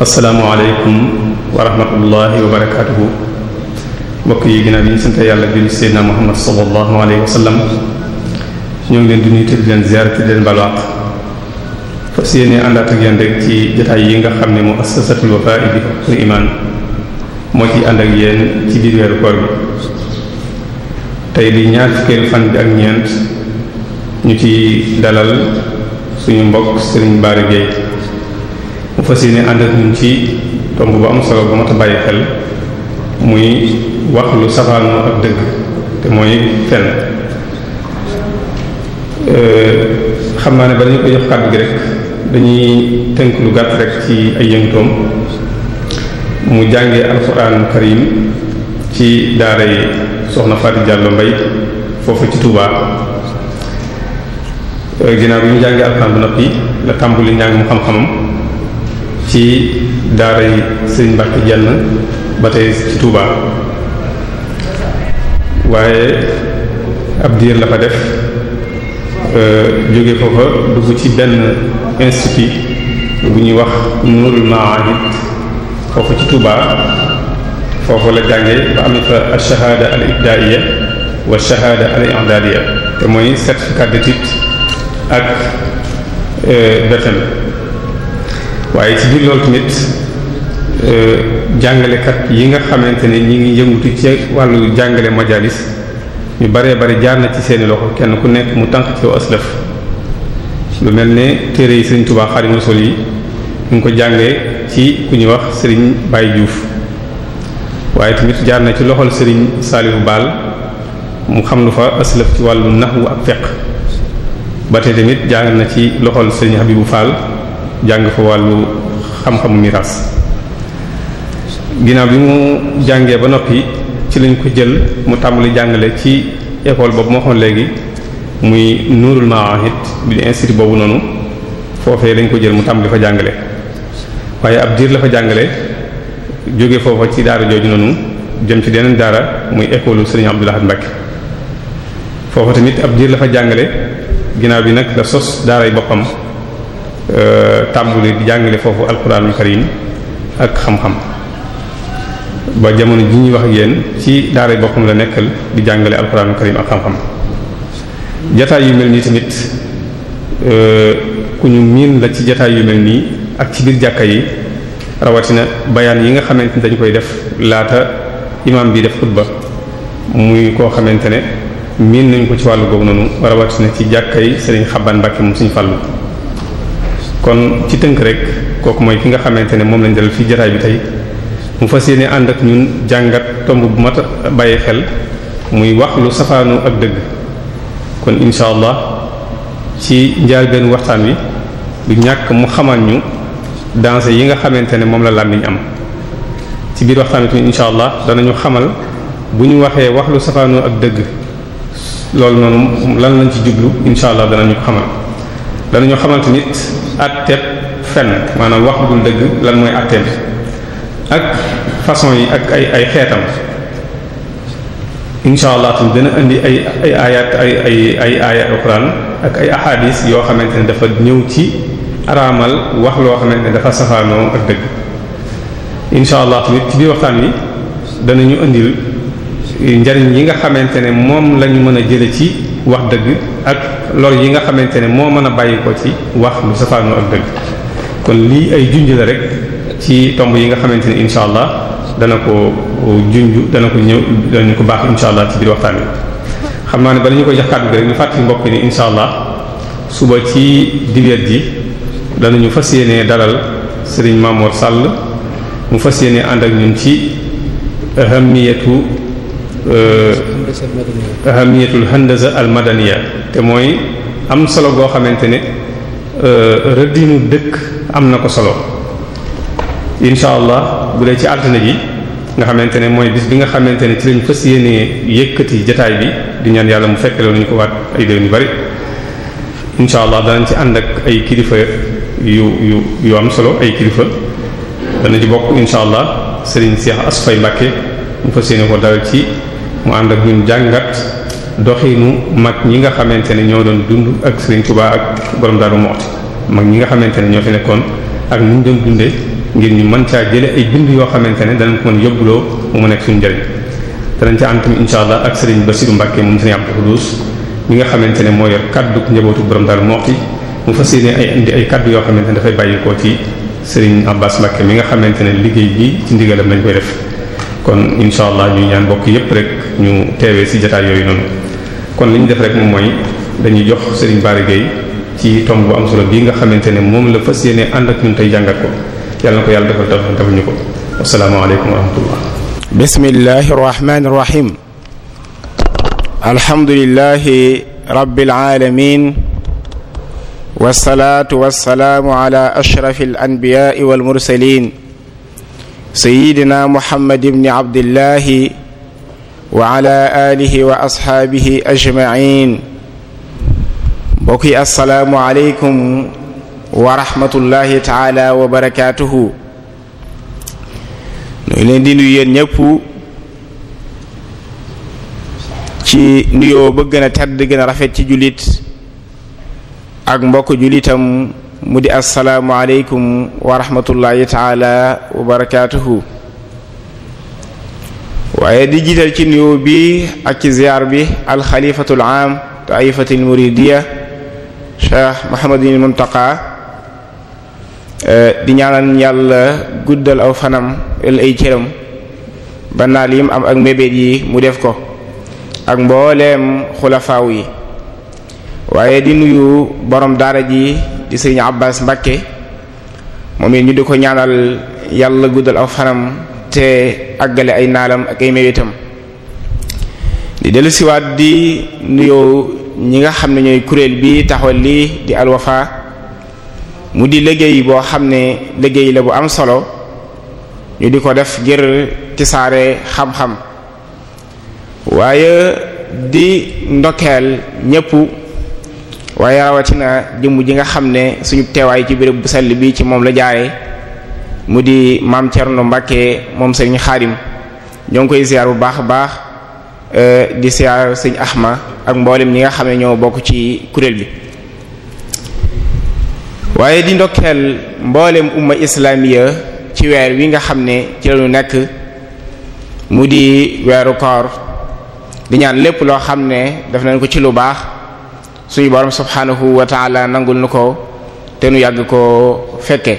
asalaamaaleykum wa rahmatullahi wa barakaatuhu mbokk yi ginnaaw bi ñu sant yàlla bi Seydina Muhammad sallallahu alayhi wa sallam ñoo ngi leen di nuyu te di leen ziar te di leen balwaaq fas yéene àndaat ak rek ci jotaay yi nga xam ne mu assasatul wafa bi al iman moo ci ànd ak yéen ci biir weeru koor bi tey di ñaar fukkeelu fan bi ak ñeent ñu ci dalal suñu mbokk sëriñ Bara Gueye mu fas yéene ànd ak ñun ci tomb bu am solo bu mat a bàyyi xel muy wax lu safaanoo ak dëgg te mooy fen euh, xam naa ne ba dañu ko jox kàddu gi rek dañuy tënk lu gàtt rekk ci ay yëngutoom mu jàngee alxuraanu karim ci daara yi soxna Fatou Diallo Mbaye foofu ci Touba euh, ginnaaw bi mu jàngee alxuraan bu noppi la tàmbuli njàng mu xam-xamam ci daara yi Serigne Mbacke jenn ba tey ci Touba waaye ab diir la fa def euh, jóge foofa dugg ci benn institut bu ñuy wax Nurul Maahid foofu ci Touba foofu la jànge ba am fa al shahada al ibdaiya wa shahada al i'dadiya te mooy certificat de titre ak euh, BFEM waaye ci biir loolu tamit euh, jàngalekat yi nga xamante ni ñu ngi yëngutu ci wàllu jàngale majalis ñu bare bare jaar na ci seeni loxo kenn ku nekk mu tànk ci aslaf lu mel ne téere yi sëriñ Touba Xaadimu sol yi ñu ngi ko jàngee ci ku ñuy wax sëriñ Baye Diouf waaye tamit jaar na ci loxol sëriñ Saliou Baal mu xam lu fa aslaf ci wàllu nahwu ak fiqh ba tey tamit jàng na ci loxol sëriñ bu Fall jàng fa wàllu xam-xamu miraas ginnaaw bi mu jàngee ba noppi ci lañ ko jël mu tàmbali jàngale ci école boobu moo xoon léegi muy nuurul maahid di institut boobu noonu foofee lañ ko jël mu tàmbali fa jàngale waaye ab diir la fa jàngale jóge foofa ci daara jooju noonu jëm ci deneen daara muy école Serigne Abdou Lahad Mbacké foofa tamit ab diir la fa jàngale ginnaaw bi nag la sos daaray boppam euh, tàmbali di jàngale foofu alquranul karim ak xam-xam ba jamono ji ñuy wax ak yéen ci daaray boppam la nekkal di jàngale alquranul karim ak xam-xam jataay yu mel nii tamit euh, ku ñu miin la ci jataay yu mel nii ak ci biir jàkka yi rawatina bayaan yi nga xamante ni dañ koy def laata imaam bi def xutba muy koo xamante ne miin nañ ko ci wàllu googu noonu rawatina ci jàkka yi sëriñ Xaban Mbàkke moom suñu fàllu kon ci tënk rek kooku mooy ki nga xamante ne moom lañ dal fii jataay bi tey mu fas yéene ànd ak ñun jàngat tomb bu mat a bàyyi xel muy wax lu safaanu ak dëgg kon incha allah ci njaal benn waxtaan wi du ñàkk mu xamal ñu danse yi nga xamante ne moom la làmmiñ am ci biir waxtaan wi tamit incha allah danañu xamal bu ñu waxee wax lu safaanoo ak dëgg loolu noonu lan lañ ci jublu incha allah danañu xamal danañu xamal tamit àtteeb fen maanaam wax dul dëgg lan mooy àtteeb ak façon yi ak ay ay xeetam incha allah tam dina indi ay ay ay ay ay ayat ak ay ahadis yoo xamante ne dafa ñëw ci araamal wax loo xamante ne dafa safaanoo ak dëgg incha allah tamit ci biir waxtaan wi danañu indil njariñ yi nga xamante ne moom lañu mën a jële ci wax dëgg ak lool yi nga xamante ne moo mën a bàyyi ko ci wax lu safaanoo ak dëgg kon lii ay junj rek ci tomb yi nga xamante ne incha allah dana ko junj dana ko ñëw danañ ko baax insha allah ci biir waxtaan bi xam naa ne bala ñu koy jox kàddu gi rek ñu fàttali mbokk ni insha allah suba ci dibéer ji danañu fas yéenee dalal sëriñ Mamour Sall mu fas yéenee ànd ak ñun ci ahamiyatu euh, ahamiyatul handasa al madaniya te mooy am solo goo xamante ne euh, rëddinu dëkk am na ko solo incha allah bu dee ci altine ji nga xamante ne mooy bis bi nga xamante ne ci lañ fas yéenee yëkkati jataay bi di ñaan yàlla mu fekk lañu ko waat ay déwén yu bari incha allah danañ ci ànd ak ay kilifa yu yu yu am solo ay kilifa dana ci bokk incha allah Serigne Cheikh Asfay Mbacke ñu fas yéene ko dal ci mu ànd ak ñun jàngat. doxinu mag ñi nga xamante ne ñoo doon dund ak Serigne Touba ak borom Darou Moukhty mag ñi nga xamante ne ñoo fi nekkoon ak ni ñu doon dundee ngir ñu man caa jële ay bind yoo xamante ne danañ ko mën yóbbuloo mu mu nekk suñu njëriñ danañ ca am tamit insha allah ak sëriñ Basiru Mbàkke moom sëriñ Abdou Xuduus mi nga xamante ne moo yor kaddu njabootu borom daal moxti mu fas yéene ay indi ay kaddu yoo xamante ne dafay bàyyi ko ci sëriñ Abbas Mbàkke mi nga xamante ne liggéey bi ci ndigalam lañ koy def kon insha allah ñu ñaan bokk yépp rek ñu teewee ci jotaay yooyu noonu kon li ñu def rek moom mooy dañuy jox sëriñ Bara ci tomb bu am solo bii nga xamante ne moom la fas yéene ànd ak ñun tey jàngat ko yàlla na ko yàlla defal tax defal ñu ko asalaamaaleykum wa rahmatullah bismillahi rahmani rahim alhamdulilahi rabbil alamin wasalaatu wasalaamu ala ashraf alanbiyaai walmursalin sayidina muhammad ibni abdillahi wa ala alihi wa ashaabihi ajmain mbokk yi asalaamu aleykum wa rahmatullahi wa barakaatuhu ñu leen ñëpp ci nuyoo ba gën a tedd gën a rafet ci julit ak mbokk jullitam mu di assalaamu aleykum wa rahmatullahi taala wa barakaatuhu waaye di jiital ci nuyoo bi ak ci ziyaar bi alxalifatul aam taifatil muridiya cheikh Mahamadul Muntaqa Eh, di ñaanal yàlla guddal aw fanam ay cëram ba naal yim am ak mbébét yi mu def ko ak mbooleem xulafaaw yi waaye di nuyu boroom daara ji di sëriñ Abbas Mbàkke moom it ñu di ko ñaanal yàlla guddal aw fanam te àggale ay naalam ak ay mébétam di dellusiwaat di nuyoo ñi nga xam ne ñooy kuréel bi taxawal lii di Al mu di liggéey boo xam ne liggéey la bu am solo ñu di ko def ngir tisaare xam-xam waaye di ndokkeel ñépp waaye rawatina jëmm ji nga xam ne suñu teewaay ci béréb bu sell bi ci moom la jaare mu di maam Thierno Mbacke moom sëriñ Xaadim ñoo ngi koy ziar bu baax a baax eh, di ziar sëñ Ahma ak mboolem ñi nga xam ne ñoo bokk ci kuréel bi. waaye di ndokkeel mbooleem umma islamiya ci weer wi nga xam ne ci lañu nekk mu di weeru koor di ñaan lépp loo xam ne def nañ ko ci lu baax suñu borom subhanahu wa taala nangul nu ko te nu yàgg ko fekke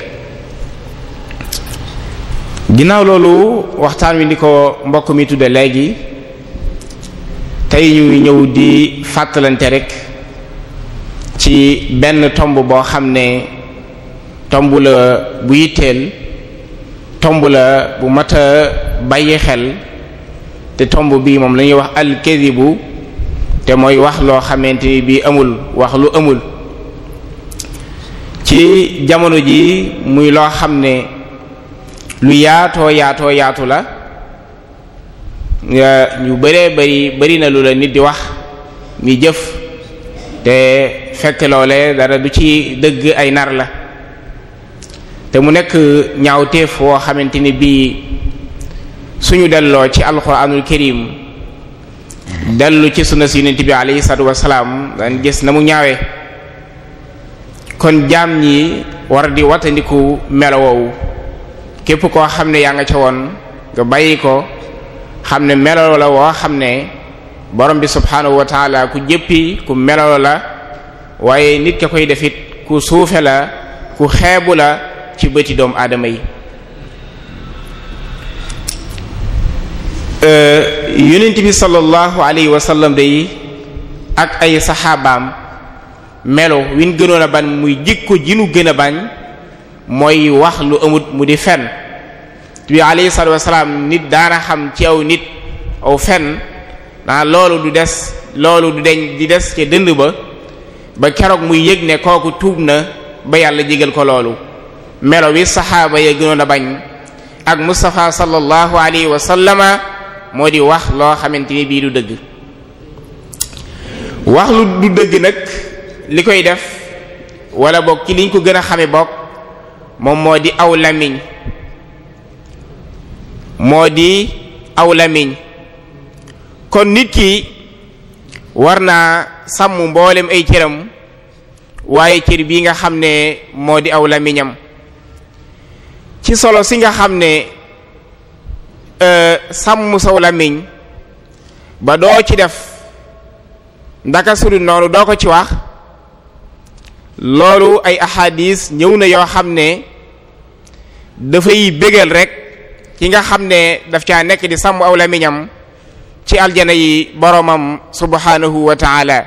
ginnaaw loolu waxtaan wi ni ko mbokk mi tudde léegi tey ñu ñëw di fàttalante rek ci benn tomb boo xam ne tomb la bu yitteel tomb la bu mat bayyi xel te tomb bii moom lañuy wax wax bu te mooy wax loo xamante ni bii amul wax lu amul ci jamono ji muy loo xam ne lu yaatoo yaatoo yaatu la ñu bëree bari bari na lu la nit di wax mi jëf te fekk loolee dara du ci dëgg ay nar la te mu nekk ñaawteef woo xamante ni bii suñu delloo ci alquranul karim dellu ci sunna si yonent bi alayhi salaatu wasalaam daan gis na mu ñaawee kon jaam yi war di watandiku melo képp koo xam ne yaa nga ca woon nga bàyyi ko xam ne melo la woo xam ne borom bi subhaanahu wa ku jëppi ku melo la waaye nit ka koy def ku suufe la ku xeebu la ci bëti doomu aadama yi euh, yonent bi sallallahu alayhi wa sallam day ak ay saxaabaam melo win gënoon a bañ muy jikko ji nu gën a bañ mooy wax lu amut mu di fen bi alayhi salaatu nit daana xam ci aw nit aw fenn naa loolu du des loolu du deñ di des ca dënd ba ba keroog muy yëg ne kooku tuub na ba yàlla jégal ko loolu melo wi saxaaba ya gënoon a bañ ak Mustafa sallallahu alayhi wa sallama moo di wax loo xamante ni bii du dëgg wax lu du dëgg nag li koy def wala boog ci liñ ko gën a xame boog moom moo di aw lamiñ moo di aw lamiñ kon nit ki war naa sàmm mboolem ay cëram waaye cër bii nga xam ne moo di aw làmmiñam ci solo si nga xam ne euh, sàmm saw làmmiñ ba doo ci def ndaka sulu noonu doo ko ci wax loolu ay ahadis ñëw na yoo xam ne dafay bégal rek ki nga xam ne daf caa nekk di sàmm aw làmmiñam ci aljana yi boromam subhanahu wa taala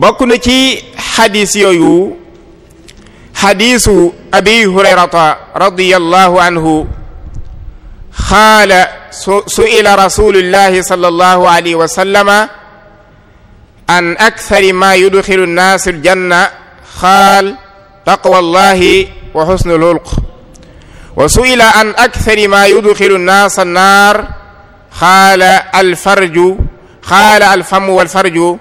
bokk na ci xadis yooyu xadisu abi hurayrata radiyallahu anhu xaala su'ila rasulullahi sallallahu alayhi wa sallama an akthari ma yudxilu nnaasu aljanna xaal taqwa allahi wa xusnul xulq wa su'ila an akthari ma yudxilu nnaasa annaar xaala alfarju xaala alfamu walfarju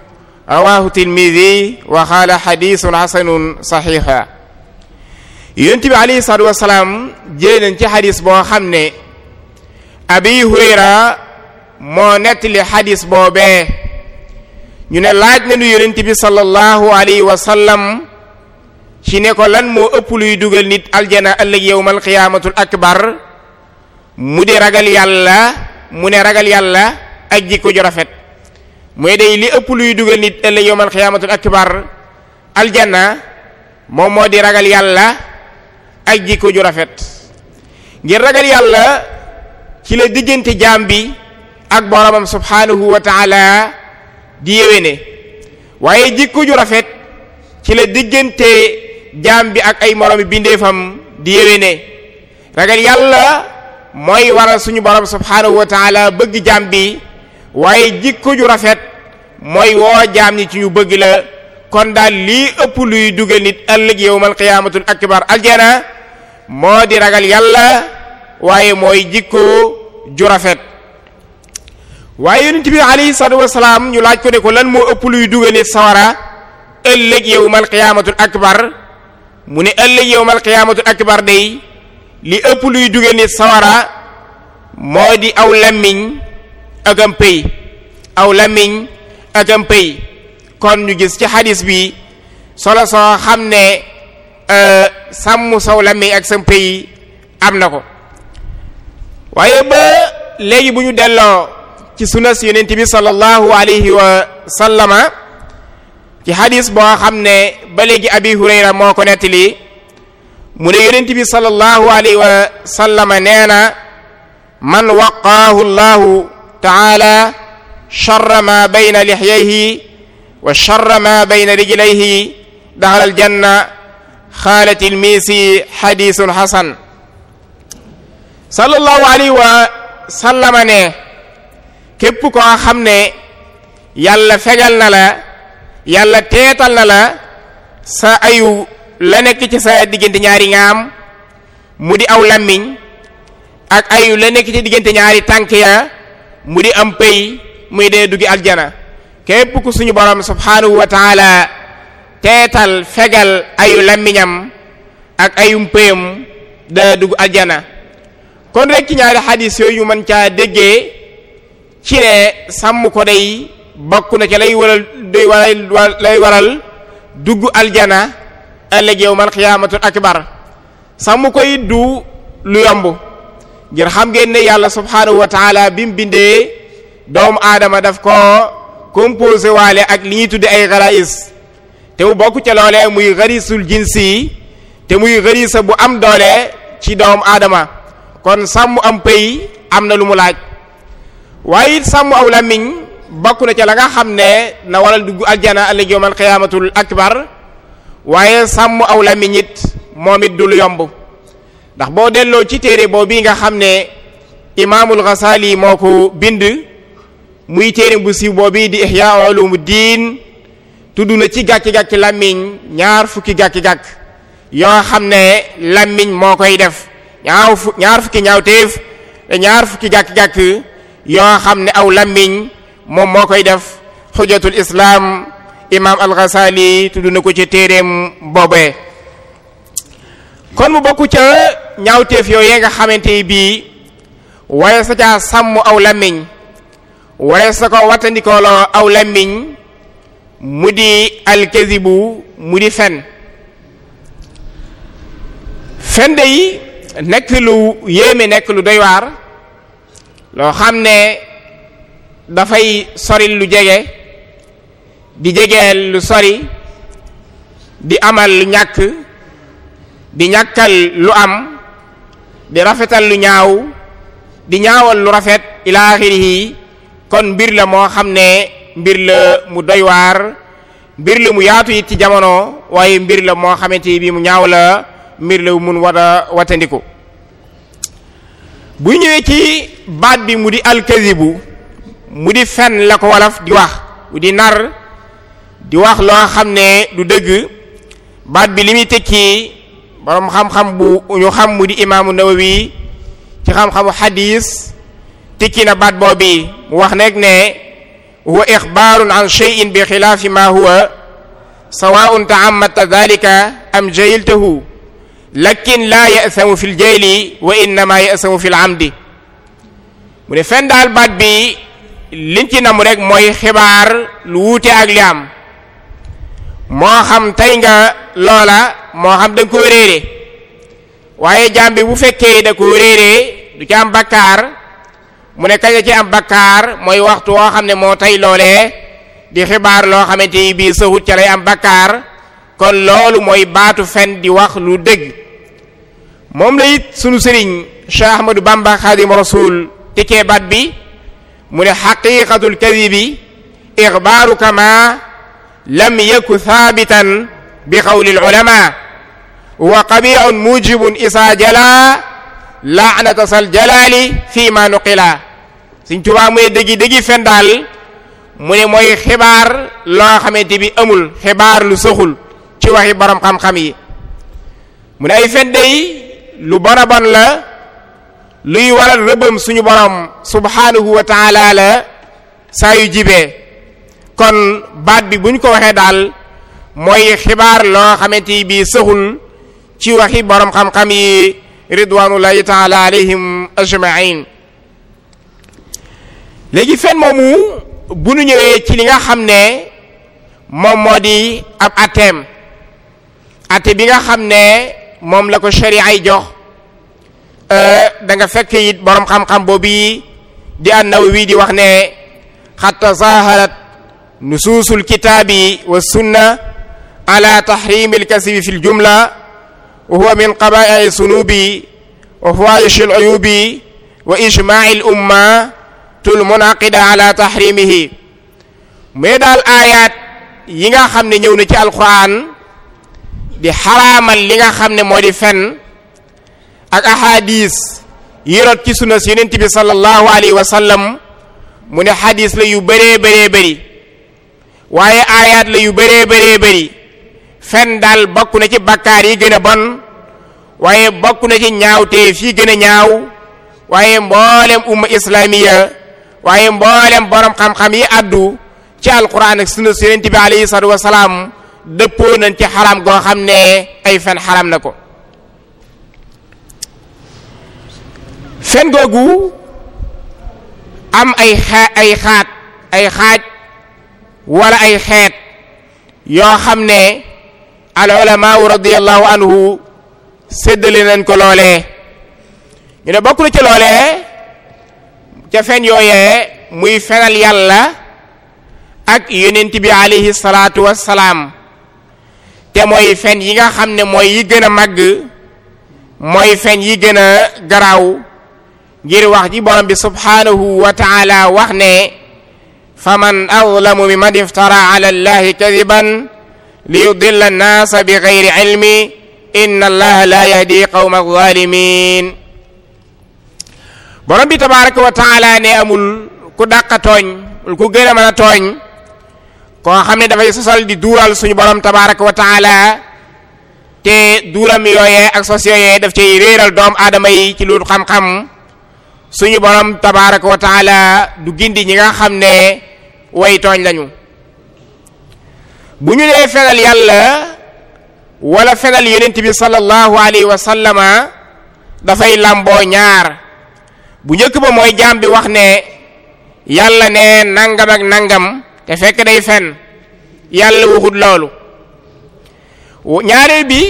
rawahu tilmidi wa xaala xadisun xasanun saxixa yonent bi alayhi salaatu wasalaam jéeneen ci xadis boo xam ne abi hurayra moo nettali xadis boobee ñu ne laaj nañu yonent bi sallallahu alayhi wa sallam ci ne ko lan moo ëpp luy dugal nit aljana ëllëg yowmal qiyaamatul akbar mu di ragal yàlla mu ne ragal yàlla ak jikko ju rafet mooy day li ëpp luy dugal nit ëllëg yowmal xiyaamatul akbar aljanna moom moo di ragal yàlla ak jikko ju rafet ngir ragal yàlla ci la diggante jaam bi ak boromam subhanahu wa taala di yéwéne waaye jikko ju rafet ci la diggante jaam bi ak ay moromi bindeefam di yéwéne ragal yàlla mooy waral suñu borom subhaanahu wa taala bëgg jaam bi waaye jikko ju rafet mooy woo jaam ñi ci ñu bëgg la kon daal lii ëpp luy dugal nit ëllëg yawmal qiyaamatul akbar aljana moo di ragal yàlla waaye mooy jikko ju rafet waaye yonent bi alayhi salaatu wasalaam ñu laaj ko ne ko lan moo ëpp luy dugal nit sawara ëllëg yawmal qiyaamatul akbar mu ne ëllëg yawmal qiyaamatul akbar day li ëpp luy jóge nit sawara moo di aw lammiñ ak am pay aw lammiñ ak am pay kon ñu gis ci xadis bi solo soo xam ne euh, sàmm saw lammiñ ak sam pay am na ko waaye ba léegi bu ñu delloo ci sunas yonent bi sallallahu alayhi wa ci xadis boo xam ne ba léegi abi hurayra moo ko nettali mu ne yonent bi sallallahu alayhi wa sallama nee na man waqaahu llahu taala ne yàlla fegal yàlla teetal sa ayu la nekk ci sa diggante ñaari ngaam mu di aw lammiñ ak ayu la nekk ci diggante ñaari tànk ya mu di am pay muy dee duggi aljana képp ku suñu borom subhanahu wa taala teetal fegal ak ayum payam daa dugg aljana kon rek ci ñaari xadis yooyu mën caa déggee ci ne sàmm ko day bokk na ca lay waral day lay waral dugg aljana ëllëg yawmal qiyaamatul akbar sax mu koy du lu yomb ngir xam ngeen ne yàlla subhaanahu wa bi mu bindee doomu aadama daf ko composé waale ak li ñuy tudde ay xaraïs te mu bokk ca loolee muy xarisul jinsi te muy xarisa bu am doole ci doomu aadama kon sàmm am pay am na lu mu laaj waaye sàmm aw làmmiñ bokk na ca la nga xam ne na waral dugg aljana ëllëg yawmal qiyaamatul akbar waaye sàmm aw làmmiñ it moom it dul yomb ndax boo delloo ci téere boobu bi nga xam ne imaamul Ghazali moo ko bind muy téere bu siiw boobu di Ihya Ulumuddin tudd na ci gàkki-gàkki làmmiñ ñaar fukki gàkki-gàkk yoo xam ne làmmiñ moo koy def ñaaw fu ñaar fukki ñaawteef te ñaar fukki gàkki-gàkk yoo xam ne aw làmmiñ moom moo koy def xujjatul islaam imaam al tudd na ko ci téereem boobee kon mu bokk ca ñaawteef yooyu nga xamante bii waaye sa caa sàmm aw làmmiñ waree sa ko watandikooloo aw làmmiñ mu di alkazibu mu di fen fen day nekk lu yéeme nekk lu doy loo xam ne dafay soril lu jege di jegeel lu sori di amal lu ñàkk di ñàkkal lu am di rafetal lu ñaaw di ñaawal lu rafet ila axirihi kon mbir la moo xam ne mbir la mu doy waar mbir la mu yaatu yi ci jamono waaye mbir la moo xamante bi mu ñaaw la mbir la mun war watandiku bu ñëwee ci baat bi mu di bu mu di fenn la ko walaf di wax di nar di wax loo xam ne du dëgg baat bi li muy xam-xam bu ñu xam mu di imaamu Nawawi ci xam-xamu xadiis tekki na baat boobi wax nekk ne huwa ixbaarun an shay'in bi xilaafi ma huwa sawaun taammata dalika am jayiltahu lakin laa yasamu fi ljayli wa innama yasamu fi lamdi mu ne fenn daal bi liñ ci namu rek mooy xibaar lu wuute ak moo xam tey nga loola moo xam da ko réere waaye jaam bi bu fekkee da ko réeree du ci am bakkaar mu ne kañ la ci am bakkaar mooy waxtu woo xam ne moo tey loolee di xibaar loo xamante ni bii sëxut ca lay am bakkaar kon loolu mooy baatu fen di wax lu dëgg moom la it sunu sëriñ Cheikh Ahmadou Bamba Khadim Rasoul tikkee bi mu ne xaqiqatul kadibi ixbaaru kama lam yaku thaabitan bi qawli al-ulama wa qabiihun mujibun isaa jala laanata sal jalaali fii ma nuqila Sëriñ Tuubaa mu ne dëggi dëggi fen daal xibaar loo xamante bi amul xibaar lu soxul ci waxi borom xam-xam yi mu ay fen lu bona bon la luy waral rëbëm suñu borom subhaanahu wa taala la saa kon baat bi bu ñu ko waxee daal mooy xibaar loo xamante bi saxul ci waxi boroom xam-xam yi ridwanullahi taala alayhim ajmain léegi fen moomu bu ñu ñëwee ci li nga xam ne moom moo di ab bi nga xam ne moom la ko sharia ay jox euh, da nga fekk it boroom xam-xam boobu di an-Nawawi di wax ne xatta zaharat nusuusul kitaabi wa sunna ala taxrimi lkasibi fi ljumla wa huwa min qabaai sunubi wa fawaahishi luyubi wa ijmaai lummatul munaqida ala taxrimihi mais daal yi nga xam ne ñëw na ci alquran di xaraamal li nga xam ne moodi di fen ak ahadis yi rot ci suna si yonent bi sallallahu alayhi mu ne xadis la yu bëree bëree waaye aayaat la yu bëree bëree bëri fen daal bokk na ci bakkaar yi gën a bon waaye bokk na ci ñaawteef yi gën ñaaw waaye mboolem umma islamiya waaye mboolem borom xam-xam yi addu ci alquran ak sunna yonent bi alayhi salaatu wasalaam dëppoo nañ ci xaram goo xam ne ay fen xaram na ko fen googu am ay ay xaat ay xaaj wala ay xeet yoo xam ne al ulamaau radiallahu anhu séddale nañ ko loolee ñu ne bokk na ci loolee ca fen yooyee muy fenal yàlla ak yonent bi alayhi salaatu salaam te mooy fen yi nga xam ne mooy yi gën a màgg mooy fen yi gën a garaaw ngir wax ji borom bi subhaanahu wa taala wax ne faman azlamu mimman iftara ala allahi kadiban liyudilla annaasa bi gayri ilmi inna allaha la yahdi qawma zalimin borom bi tabaraka wa taala ne amul ku dàq tooñ ku gën a mën a xam ne dafay sosal di duural suñu borom tabaraka wa taala te duuram yooyee ak sos yooyee daf cay réeral doom aadama yi ci lu xam suñu borom tabaraka wa taala du gindi ñi nga xam ne waytooñ lañu bu ñu nee fenal yàlla wala fenal yonent bi sallallahu alayhi wa sallama dafay làmboo ñaar bu njëkk ba mooy jaam bi wax ne yàlla ne nangam ak nangam te fekk day fen yàlla waxut loolu ñaareel bi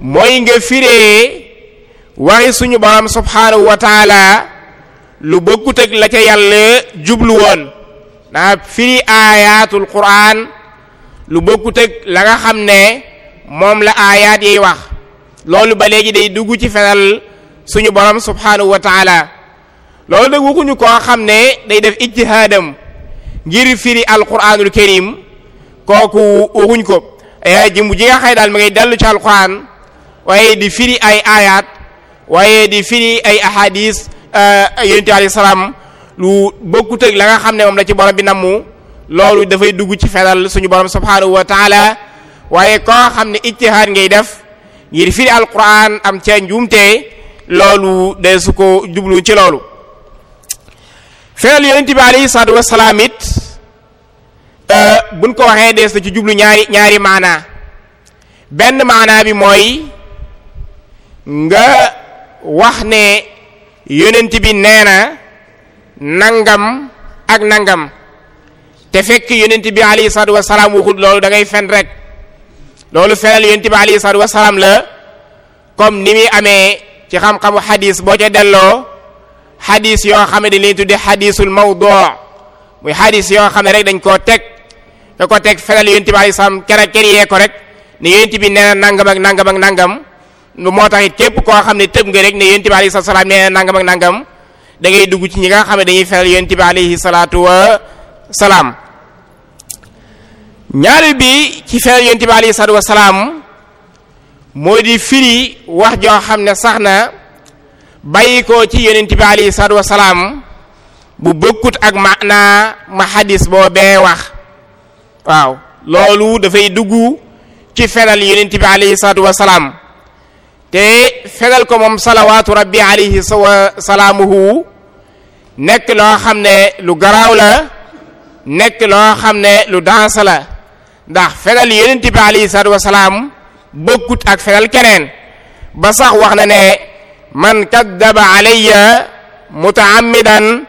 mooy nga firee waxi suñu borom subhaanahu wa taala lu bokkut ak la ca yàlla jublu woon daa firi aayatul quraan lu bokkut ak la nga xam ne moom la aayaat yiy wax loolu ba léegi day dugg ci fenal suñu borom subhaanahu wa taala loolu nag waxuñu koo xam ne day def ijtihaadam ngir firi alquranul karim kooku waxuñ ko jimbu ji nga xëy daal mi ngay dellu ci alquran waaye di firi ay aayaat waaye di firi ay ahadis eh, yonent bi alayhi salaam lu bokkut la nga xam ne moom la ci borom bi namu loolu dafay dugg ci feral suñu borom subhanahu wa waaye koo xam ne ijtihaad ngay def ngir firi alquran am ca njuumte loolu de su ko jublu ci loolu feral yonent bi eh, buñ ko waxee ci jublu ñaari ñaari maanaa benn maanaa bi mooy nga wax ne yonent bi nee na nangam ak nangam te fekk yonent bi alayhi salaatu wasalaam waxut loolu da ngay fen rek loolu fenal yonent bi alayhi salaatu wasalaam la comme ni muy amee ci xam-xamu xadis boo ca delloo xadis yoo xam ne dañ leen tuddee xadisul mawdu muy xadis yoo xam rek dañ koo teg da ko teg fenal yonent bi alayhi salaam kera kër yee rek ne yonent bi nee nangam ak nangam ak nangam moo tax képp koo xam ne tëb nga rek ne yonent bi alayhi salaam nee nangam ak nangam da dugg ci ñi nga xam ne dañuy fenal yonent bi alayhi salaatu wa salaam ñaareel bi ci fenal yonent bi alayhi salaam moo di firi wax joo xam ne sax na bàyyi ko ci yonent bi alayhi salaam bu ak maanaa ma xadis boobee wax waaw loolu dafay dugg ci fenal yonent bi salaatu wa salaam te fegal ko moom salawaatu rabbi alayhi wa salaamuhu nekk loo xam ne lu garaaw la nekk loo xam ne lu danse la ndax fegal yonent bi alayhi salaatu wasalaam bokkut ak fegal kenen ba sax wax na ne man kaddaba alayya mutaammidan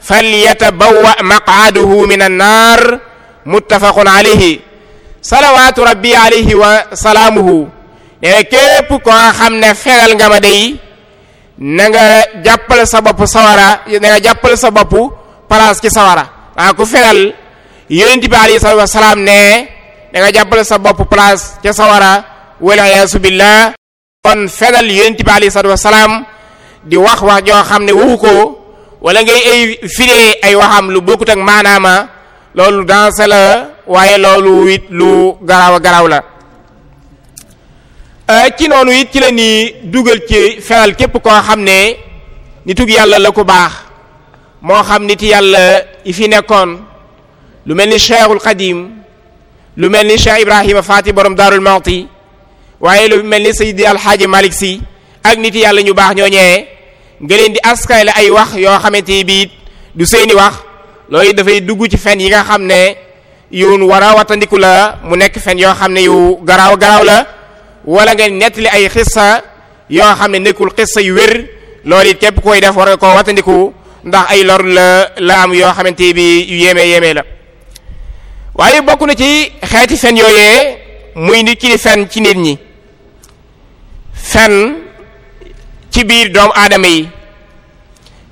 falyatabawwa maqaduhu min annaar muttafaqun alayhi salawaatu rabbi alayhi wa salaamuhu nee na képp koo xam ne fegal nga ma dey na nga jàppal sa bopp sawara na nga jàppal sa bopp place ci sawara waa ku fegal yonent bi alayhi salaatu wasalaam ne da nga jàppal sa bopp place ca sawara wala yaasu kon fegal yonent bi alayhi salaatu wasalaam di wax wax joo xam ne wu ko wala ngay ay firee ay waxam lu bokkut ak maanaama loolu danse la waaye loolu it lu garaaw a garaaw la Euh, ci noonu it ci la ni dugal ci feral képp koo xam ne nitug yàlla la ko baax moo xam nit yàlla yi fi nekkoon lu mel ni cheikhul xadim lu mel ni cheikh ibrahima faati borom daarul mawti waaye lu mel ni sayidi alxaaji malik si ak nit yàlla ñu baax ñoo ñëwee nga leen di askay la ay wax yoo xamante biit du seeni wax loolu dafay dugg ci fen yi nga xam ne yoon war wàttandiku la mu nekk fen yoo xam ne yu garaaw garaaw la wala nga nettali ay xissa yoo xam ne nekkul xissa yu wér loolu it képp koy def war nga koo wattandiku ndax ay lor la la am yoo xamante bi yu yéeme yéeme la waaye bokk na ci xeeti fen yooyee muy nit ki ci nit ñi fen ci biir doomu aadama yi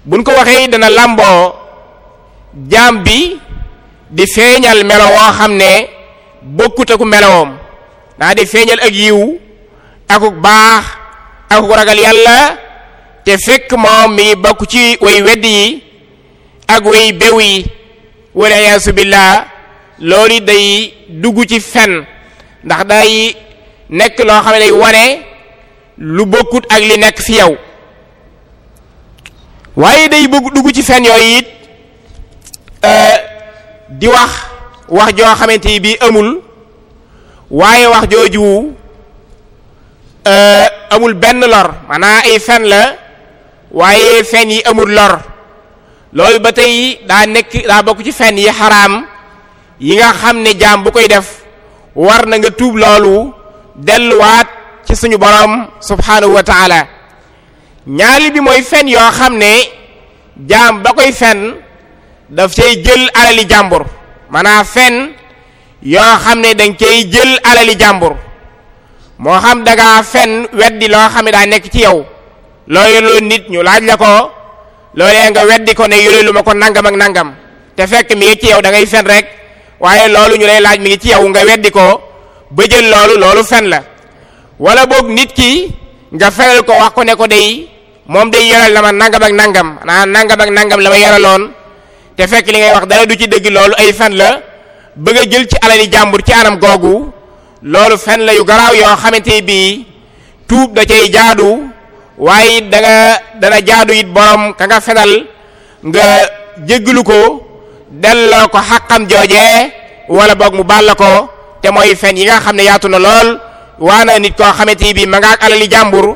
buñ ko waxee dana làmboo bi di feeñal melo woo xam ne bokkut ak melowoom daa di feeñal ak yiw akuk baax akuk ragal yàlla te fekk moom mi bokk ci way wedd yi ak way bew yi wala yaasu billah loolu day dugg ci fen ndax day nekk loo xam ne day wane lu bokkut ak li nekk fi yow waaye day bëgg dugg ci fen yooyu it euh, di wax wax joo xamante ni bii amul waaye wax jooju Euh, amul benn lor maanaam ay fen la waaye fen yi amul lor loolu ba tey daa nekk daa bokk ci fen yi xaraam yi nga xam ne jaam bu koy def war na nga tuub loolu delluwaat ci suñu borom subhanahu wa taala bi mooy fen yoo xam ne jaam ba koy fen daf cay jël alali jàmbur maanaam fen yoo xam ne danga koy jël alali jàmbur moo xam dangaa fen weddi loo xam ne daa nekk ci yow loo yoroon nit ñu laaj la ko loolee nga weddi ko ne yore lu ma ko nangam ak nangam te fekk mi ngi ci yow da ngay fen rek waaye loolu ñu lay laaj mi ngi ci yow nga weddi ko ba jël loolu loolu fen la wala boog nit ki nga fenal ko wax ko ne ko day moom day yoral la ma nangam ak nangam naa nangam ak nangam la ma yoraloon te fekk li ngay wax dara du ci dëgg loolu ay fen la bëgg a jël ci alali jàmbur ci anam googu loolu fen la yu garaaw yoo xamante bii tuub da cay jaadu waaye it da nga dana jaadu it borom ka nga fenal nga jéggalu ko delloo ko xàqam joojee wala boog mu baal la ko te mooy fen yi nga xam ne yaatu na lool naa nit koo xamante bii ma nga ak alali jàmbur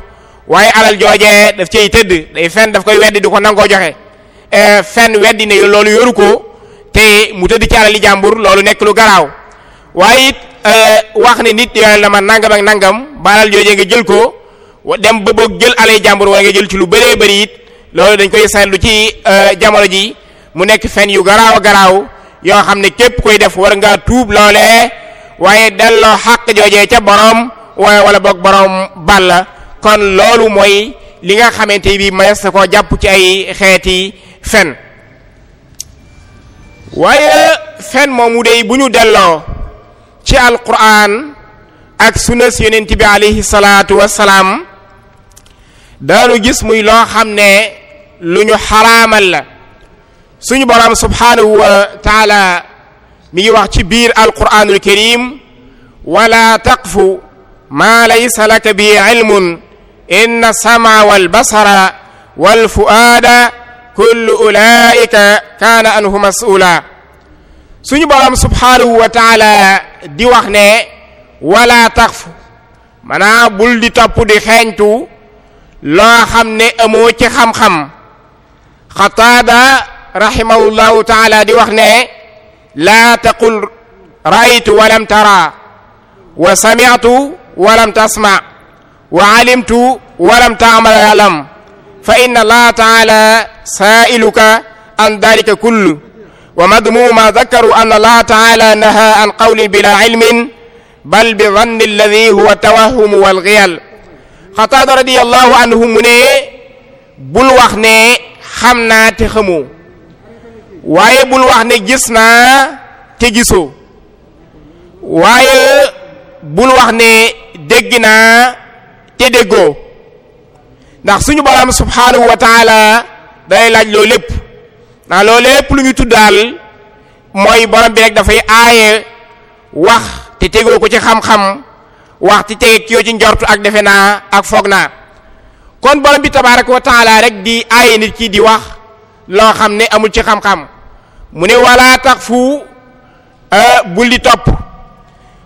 waaye alal joojee daf cay tëdd day fen daf koy weddi du ko nangoo joxe eh, fen weddi ne loolu yoru ko te mu tëdd ci alali jàmbur loolu nekk lu garaaw waaye it Eh, wax ne nit yooyu la ma nangam ak nangam baalal jooje nga jël ko dem ba boog jël alay jàmbur wala nga jël ci lu bëree bëri it loolu dañ koy seetlu ci eh, jamono ji mu nekk fen yu garaaw garaaw yoo xam ne képp koy def war ngaa tuub loolee waaye delloo xàq joojee ca borom waaye wala boog borom balla kon loolu mooy li nga xamante bi maes na ko jàpp ci ay xeeti fen waaye fen moomu dey bu ñu delloo ci alquran ak sunnas yonent bi alayhi salaatu wasalaam daanu gis muy loo xam ne lu ñu xaraamal la suñu boroom subhaanahu wa taala mi ngi wax ci biir alquranul karim wala taqfu maa laysa laka bi ilmun inna sama wal basara wal fuaada kullu ulaika kaana anhu mas'ula suñu borom subhanahu wa taala di wax ne wala taxf maanaam bul di topp di xeeñtu loo xam ne amoo ci xam-xam xataada rahimahullahu taala di wax ne laa taqul raaytu walam tara wa sami'tu walam tasma wa alimtu walam ta'mal alam fa inna allaha taala sa'iluka an dalika kullu ومضمون ما ذكروا أن الله تعالى نهى عن قول بلا علم bal bi zanni alladi huwa tawahum wal xiyal xataada radiyallahu anhu mu ne bul wax ne xam naa te xamoo waaye bul wax ne gis naa te gisoo waaye bul wax ne dégg naa te déggoo ndax suñu boroom subhaanahu wa taala day laaj loolu lépp ndax loolu lépp lu ñu tuddaal mooy borom bi rek dafay aaye wax te tegoo ko ci xam-xam wax te tege ci yoo ci njortu ak defe naa ak foog naa kon borom bi tabaaraka wa taala rek di aaye nit ki di wax loo xam ne amul ci xam-xam mu ne wala tax fu e, bul di topp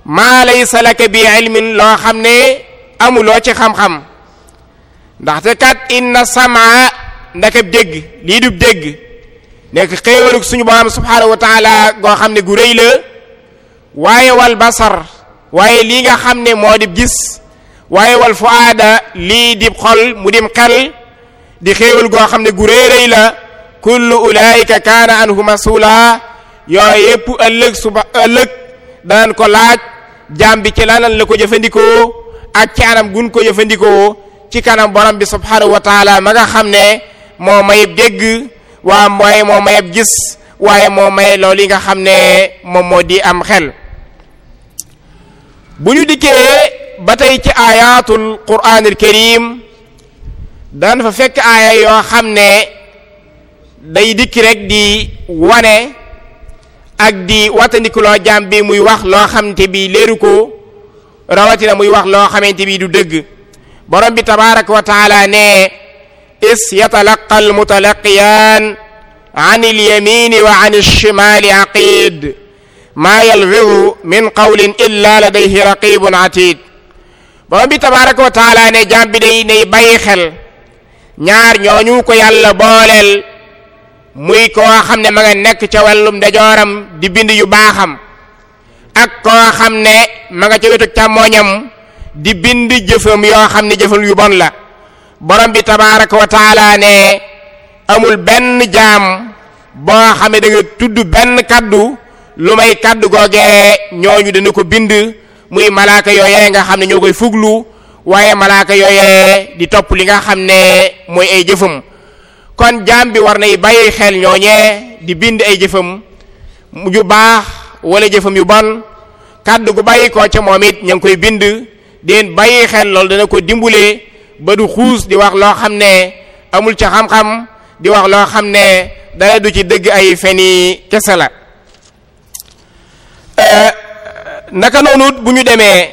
maa laysa laka bi xam ne amuloo ci xam-xam ndaxte kat inna sama ndakab lii du dégg nekk xéewalug suñu borom subhaanahu wa goo xam ne gu rëy la waaye wal basar waaye lii nga xam ne moo di gis waaye wal fuaada lii di xol mu dim xel di xéewal goo xam ne gu rëy rëy la kullu ulaayika kaana anhu masula yooyu yépp ëllëg suba ëllëg danañ ko laaj jaam bi ci lanan la ko jëfandikoo ak ci anam gun ko jëfandikoo ci kanam borom bi subhaanahu ma nga xam ne moo mayib dégg waa mooy moo may ab gis waaye moo may loolu yi nga xam ne moom moo di am xel bu ñu dikkee ba tey ci aayatul quraanil karim daan fa fekk aaya yoo xam ne day dikki rek di wane ak di wattandikuloo jaam bi muy wax loo xamante bi léeru ko rawatina muy wax loo xamante bi du dëgg borom bi tabaaraka wa taala ne is yatalaqa almutalaqiyaan an ilyamini wa an alshimali aqid maa yalfidu min qawlin illa ladayhi raqibun atid borom bi tabaraka wa taala ne jaam bi day nay bàyyi xel ñaar ñooñu ko yàlla muy koo ne ma nekk ca wàllum ndejooram di bind yu baaxam ak koo xam ne ma ca wetu càmmooñam di bind jëfam yoo xam ne jëfam yu bon la borom bi tabaaraka wa taala amul benn jaam boo xam ne tudd benn kàddu lu may kaddu googee ñooñu dana ko bind muy malaaka yooyee nga xam ne ñoo koy fuglu waaye malaaka yooyee di topp li nga xam ne mooy ay jëfam kon jaam bi war nay bàyyi xel ñooñee di bind ay jëfam yu baax wala jëfam yu bon kaddu gu bàyyi ko ca moom it ña ngi koy bind deen bàyyi xel loolu dana ko dimbulee ba du xuus di wax loo xam ne amul ca xam-xam di wax loo xam ne dara du ci dëgg ay feni kese la euh, naka noonu bu ñu demee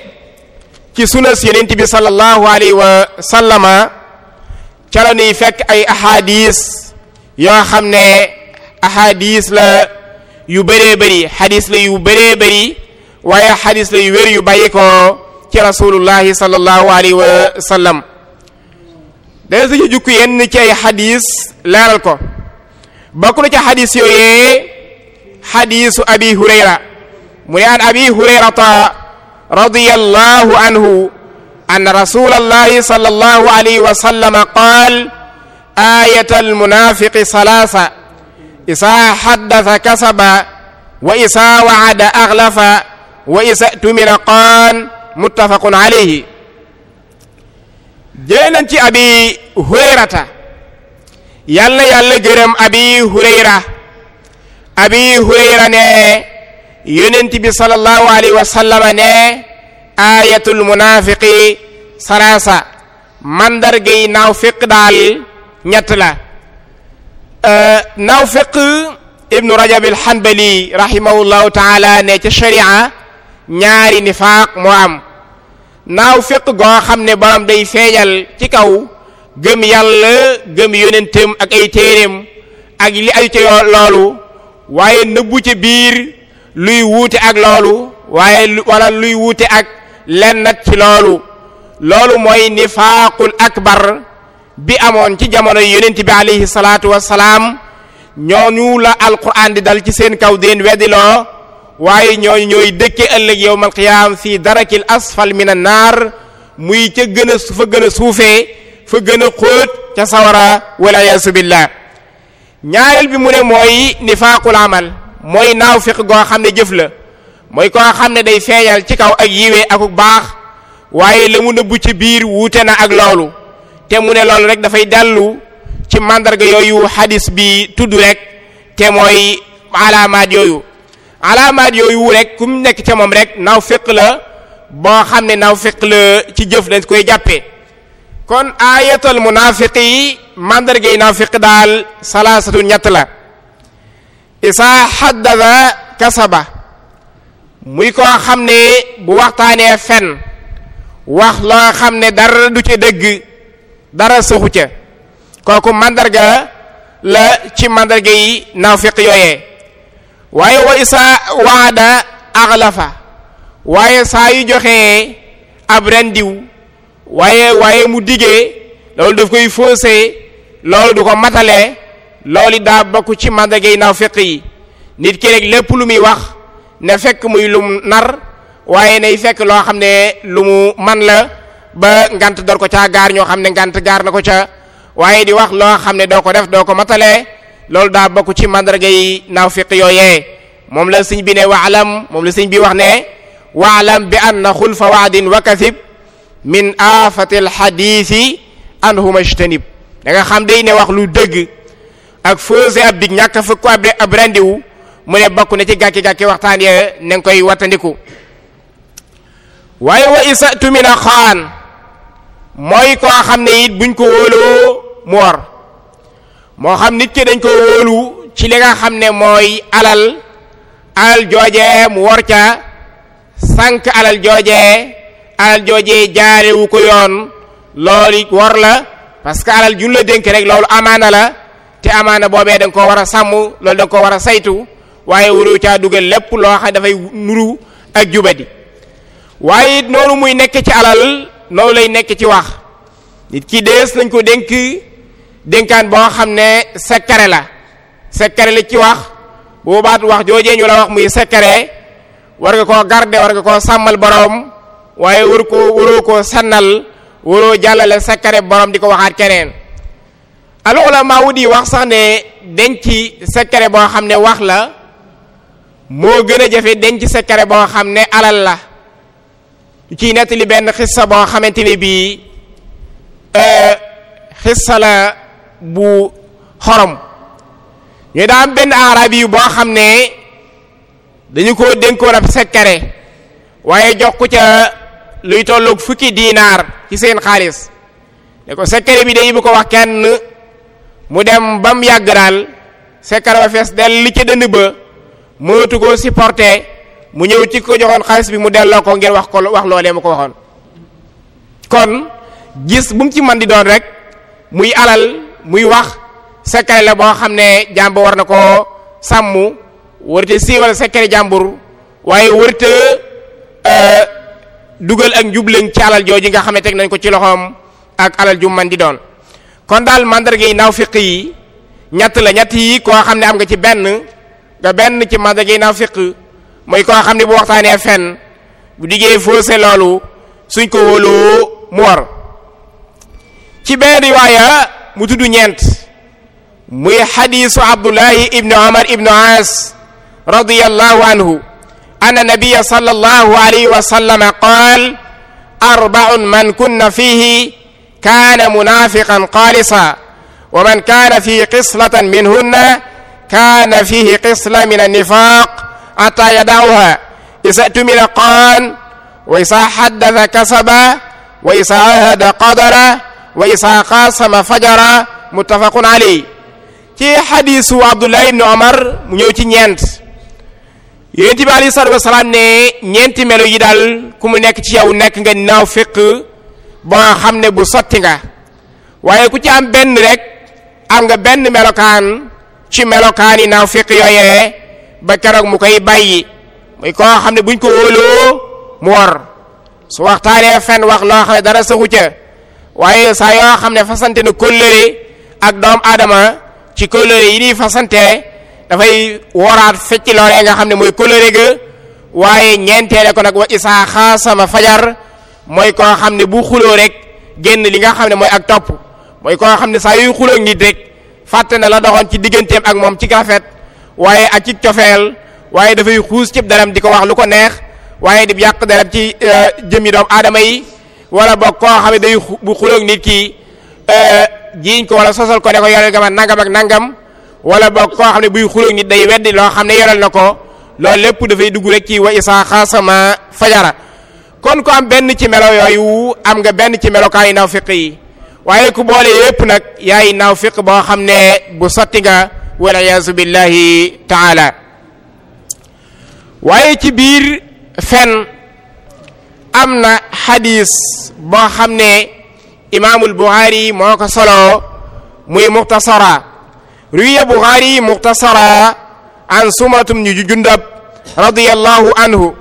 ci sunas yonent bi sallallahu alayhi wa sallama ca fekk ay ahadis yoo xam ne ahadis la yu bëree bëri xadis la yu bëree bëri waaye xadis la yu wér yu bàyyi ko ci rasulullahi sallallahu alayhi wa sallam dana sañu jukk yenn ci ay xadis leeral ko bokk na ca xadis yooyee xadisu abi hurayra mu ne an abi hurayrata radiyallahu anhu an rasulallahi sallallahu alayhi wa sallam qaal ayat almunafiqi salaasa isaa xaddasa kasaba wa isaa wacada axlafa wa isaa tumina qaan muttafaqun alayhi jëlee ci abi hurayrata yal na yàlla gërëm abi hurayra abi hurayra ne yonent bi ne ayatul munafiqi sarasa mandargay naaw fiq daal ñett la euh, naaw fiq ibnu rajab al hanbali rahimahullahu taala ne ca sharia ñaari nifaaq moo am naaw fekk goo xam ne borom day feeñal ci kaw gëm yàlla gëm yonentam ak ay téereem ak li aju ca loolu waaye nëbbu ci biir luy wuute ak loolu waaye wala luy wuute ak lenn nag ci loolu loolu mooy nifaaqul akbar bi amoon ci jamono yonent bi alayhi salaatu wassalaam ñooñu la alquran di dal ci seen kaw deen weddiloo waaye ñooñu ñooy dëkke ëllëg yowmal qiyaam fii darakil asfal min an naar muy ca gën a fa gën a suufee fa gën a xóot ca sawara wala yaasu billah ñaareel bi mu ne mooy nifaaqul amal mooy naafiq goo xam ne jëf la mooy koo xam ne day feeñal ci kaw ak yiwee akuk baax waaye la mu nëbbu ci biir wuute na ak loolu te mu ne loolu rek dafay dellu ci màndarga yooyu xadis bi tudd rek te mooy alaamaat yooyu alaamaat yooyu rek ku mu nekk ca moom rek naaw féq la boo xam ne naaw féq la ci jëf dañ koy jàppee kon ayatal munaafiq yi mandargay naafiq daal salaasatu ñett la isaa xaddada kasaba muy koo xam ne bu waxtaanee fen wax loo xam ne dara du ca dëgg dara saxu ca kooku màndarga la ci mandarga yi naafiq yooyee waaye wa isa waada axlafa waaye saa yu joxee ab rendiw waaye waaye mu digee loolu daf koy faussé loolu du ko matale loolu daa bokk ci naaw naafeq yi nit ki rek lépp lu muy wax ne fekk muy lu mu nar waaye nay fekk loo xam ne lu mu man la ba ngant door ko caa gaar ñoo xam ne ngant gaar na ko ca waaye di wax loo xam ne doo ko def doo ko matale loolu daa bokk ci mandarga yi naafiq yooyee moom la sëñ bi ne waalam moom la sëñ bi wax ne waalam bi anna xulfa waadin wa kasib min aafati alxadiisi anhuma ijtanib da nga xam day ne wax lu dëgg ak fausé ab dig ñàkk fëkku ab ab mu ne bokk na ci gàkki-gàkki waxtaan ya na koy wattandiku waaye wa isatu min xaan mooy koo xam ne it buñ ko wóoloo mu moo xam nit ki dañ ko wóolu ci li nga xam ne mooy alal alal jooje mu war ca sànq alal jooje alal jooje jaarewu ko yoon loolu war la parce que alal jun la dénk rek loolu amaana la te amaana boobee da nga koo war a sàmm loolu da nga koo war a saytu waaye wuru caa dugal lépp loo xam dafay nuru ak jubadi waaye it noonu muy nekk ci alal noonu lay nekk ci wax nit ki dees nañ ko dénk dénkaan boo xam ne secret la secret li ci wax bu wax joojee ñu la wax muy secret war nga koo garder war nga koo sàmmal boroom waaye waru ko waroo koo sànnal waroo jàllale secret boroom di ko waxaat keneen al ulama wu di wax sax ne denc secret boo xam ne wax la moo gën a jafe denc secret boo xam ne alal la ñu ciy nettali benn xissa boo xamante ni bii euh, xissa la bu xorom ñu daa benn arab yi boo xam ne dañu ko dénkoon ab sekkare waaye jox ko ca luy tolloog fukki diinaar ci seen xaalis ne ko sekkare bi day bu ko wax kenn mu dem ba mu yàgg daal sekkare ba fees del li ca dënd ba mënatu koo supporter mu ñëw ci ko joxoon xaalis bi mu delloo ko ngir wax ko wax loolee mu ko waxoon kon gis bu mu ci man di doon rek muy alal muy wax secret la boo xam ne jàmbur war na koo sàmm warta siiwal secret jàmbur waaye warta euh, dugal ak njublañ ci alal jooju nga xam ne teg nañ ko ci loxoom ak alal ju man di doon kon daal mandarga yi naafiq yi ñett la ñett yi koo xam ne am nga ci benn nga benn ci mandarga naaw naafiq mooy koo xam ne bu waxtaanee fen bu diggee faussé loolu suñ ko wóolu mu war ci benn riwaaya mu tudd ñeent muy xadiisu abdullahi ibnu omar ibnu aas radiyallahu anhu anna nabiya sallallahu alayhi wa sallama qaal arbaun man kunna fihi kaana munaafiqan xaalisa wa man kaana fii xislatan minhunna kaana fihi xisla min annifaaq xata yadauha isa tumina qaan wa isa xaddata kasaba wa isa ahada qadara wa isaaqa sama fajara muttafaqun aley ci xadiisu abdullah ibni omar mu ñëw ci ñeent yonent bi alayhi salaatu ne ñeenti melo yi daal ku mu nekk ci yow nekk nga naafiq ba nga xam ne bu sotti nga waaye ku ci am benn rek am nga benn melokaan ci melokaani naafiq yooyee ba keroog mu koy bàyyi muy koo xam ne buñ ko wóoloo mu wor su waxtaanee fen wax loo xam dara saxu waaye saa yoo xam ne fasante na kóllëre ak doom adama ci kóllëre yi ñuy fasante dafay wooraat fecc loolee nga xam ne mooy kóllëre ga waaye ñeenteele ko nag wa isaa xaasama fajar mooy koo xam ne bu xuloo rek génn li nga xam ne mooy ak topp mooy koo xam ne saa yuy xuloo nit rek fàtte na la doxoon ci digganteem ak moom ci rafet waaye ak ci cofeel waaye dafay xuus cib daram di ko wax lu ko neex waaye di yàq daram ci euh, jëmmi doom aadama yi wala boog koo xam ne day bu nit ki euh, jiiñ ko wala sosal ko ne ko yoral nga ma nangam ak nangam wala boog koo xam ne buy xuloog nit day weddi loo xam ne yoral na ko loolu lépp dafay dugg rek ci wa isa xaasama fajara kon ko benn ci melo am nga benn ci melokaayu naafiq yi waaye ku boole yépp nag yaay naafiq boo xam ne bu sotti nga wala yaasu billahi taala waaye ci biir fen am na xadis boo xam ne imaamul buxaari moo ko solo muy muxtasara ruya buxaari muxtasara an sumatum ñu jundab radiyallahu anhu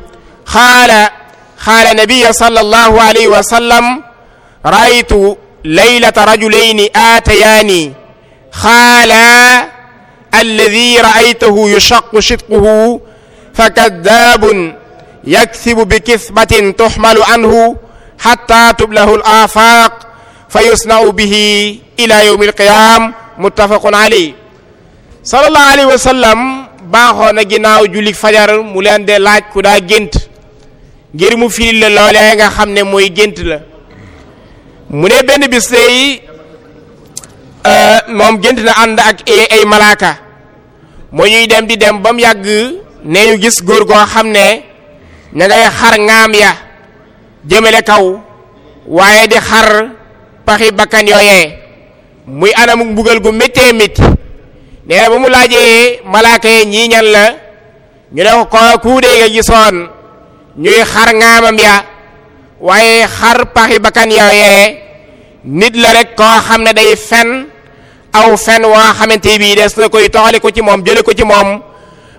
xaala xaala nabiya sallallahu alayhi wa sallam raaytu laylata rajulayni aatayaani xaala alladi raaytahu yushaqu shidquhu fa kaddaabun yaksibu bi kisbatin tuhmalu anhu xatta tublahu l afaq fa yusnau bihi ila yawmi alqiyam muttafaqun alayhi sallallahu alayhi wa ginnaaw julli fajar mu leen de laaj ku daa gént ngir mu firil la loolee nga xam ne mooy gént la mu ne benn bis tey euh, moom gént na ànd ak ay malaaka moo ñuy dem di dem ba mu yàgg nee ñu gis góor goo xam ne ne day xar ngaam ya jëmale kaw waaye di xar paxi bakkan yooyee muy anamu mbugal gu méttee métti nee na ba mu laajee malaaka yi ñii ñan la ñu ne ko kooku de nga gisoon ñuy xar ngaamam ya waaye xar paxi bakkan yooyee nit la rek koo xam ne day fen aw fen waa xamante bii des na koy toxali ko ci moom jële ko ci moom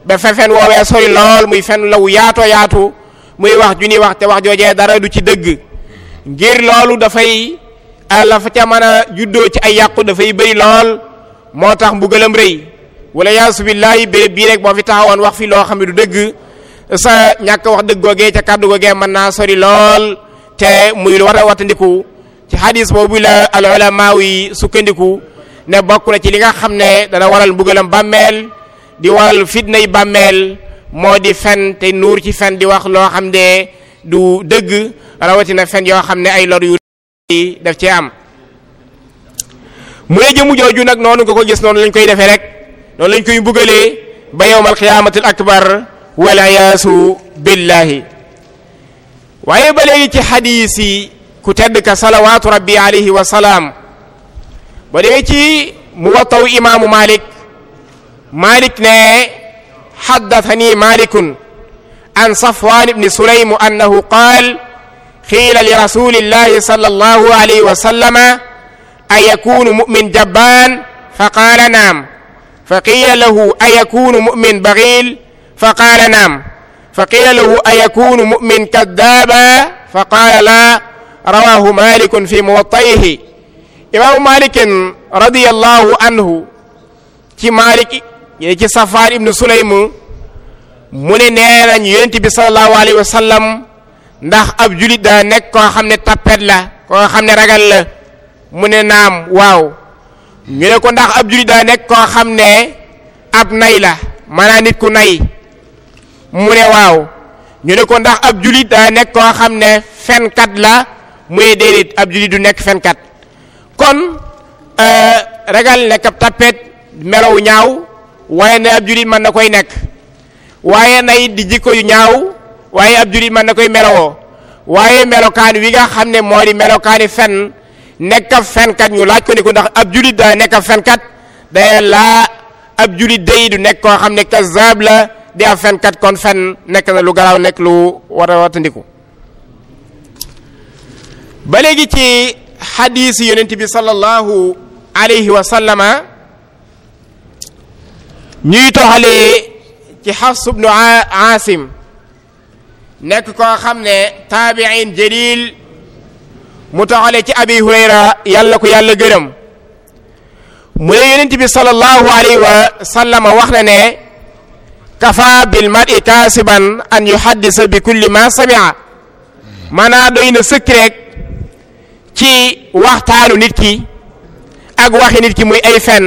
ba fefen woowee sori lool muy fen lawu yaatoo yaatu muy wax ju ñuy wax te wax joojee dara du ci dëgg ngir loolu dafay ah, la fa ca mën juddoo ci ay yàqu dafay bëri lool moo tax mbugalam rëy wala yaasu billaahi béréb bii rek boo fi taxawoon wax fi loo xam ne du dëgg sa ñàkk wax dëgg googee ca kàddu googee mën naa sori lool te muy lu war watandiku ci hadis boobu la al ulama yi sukkandiku ne bokk ci li nga xam ne dana waral mbugalam bàmmeel di waral fitnay bàmmeel moo di fen te nuur ci fen di wax loo xam ne du dëgg rawatina fen yoo xam ne ay lor yu daf cee am mu ne jëmu nag noonu nga ko gis noonu lañ koy defee rek noonu lañ koy buggalee ba yowmal qiyaamatul akbar wala yaasu billahi waaye ba léegi ci xadiis ku tedd ka salawaatu rabbi alayhi wa salaam ba léegi ci muwattaw imaamu Malik Malik ne حدثني مالك عن صفوان بن سليم أنه قال قيل لرسول الله صلى الله عليه وسلم أيكون مؤمن جبان فقال نعم فقيل له أيكون مؤمن بغيل فقال نعم فقيل له أيكون مؤمن كذابا فقال لا رواه مالك في موطئه إمام مالك رضي الله عنه ci Malik ñee ci Safar ibnu Sulaymu mu ne nee nañ yonent bi sallallahu alayhi wa ndax ab julit daa nekk koo xam ne tappet la koo xam ne ragal la mu ne naam waaw ñu ne ko ndax ab julit daa nekk koo xam ne nay la maanaam nit nay mu ne waaw ndax ab julit daa nekk fenkat la mu ne déedéet ab julit du nekk fenkat kon euh, ragal nekk ab tappet melaw ñaaw waaye ne ab julit mën na koy nekk waaye nay di jikko yu ñaaw waaye ab julit mën na koy melowoo waaye melokaan wi nga xam ne moo di melokaani fen nekk ab fenkat ñu laaj ko ni ko ndax ab julit daa nekk ab fenkat day laa du nekk koo xam ne kazaab di ab fenkat kon fen nekk na lu garaaw nekk lu war a watandiku ba léegi ci xadiis yonent bi sallallahu alayhi wa ñuy toxalee ci Hafs ibnu Aasim nekk koo xam ne taabiin jalil mu toxale ci abi hurayra yàlla ko yàlla gërëm mu ne yonent bi sallallahu alayhi wa sallama wax na ne kafa bil mar'i kaasiban an yuhaddisa bi kulli ma sami'a maanaa doy na sëkk rek ci waxtaanu nit ki ak wax nit ki muy ay fen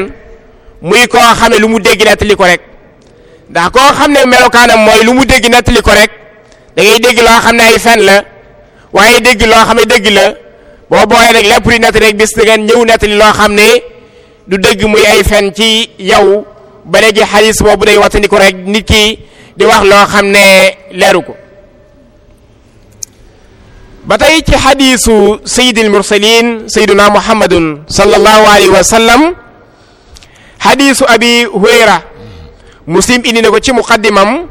muy koo xam ne lu mu dégg nettali ko rek ndax koo xam ne melokaanam mooy lu mu dégg nettali ko rek da ngay dégg loo xam ne ay fen la waaye dégg loo xam ne dégg la boo boolee nag lépp di nettali rek ñëw nettali loo xam ne du dégg muy ay ci yow ba léegi xaalis boobu day wattandi ko rek nit ki di wax loo xam ne leeru ko ba tey ci xadiisu sayidil mursalin sayiduna muhammadun sallallahu alayhi wa hadisu abi hurayra muslim indi na ko ci muqaddimam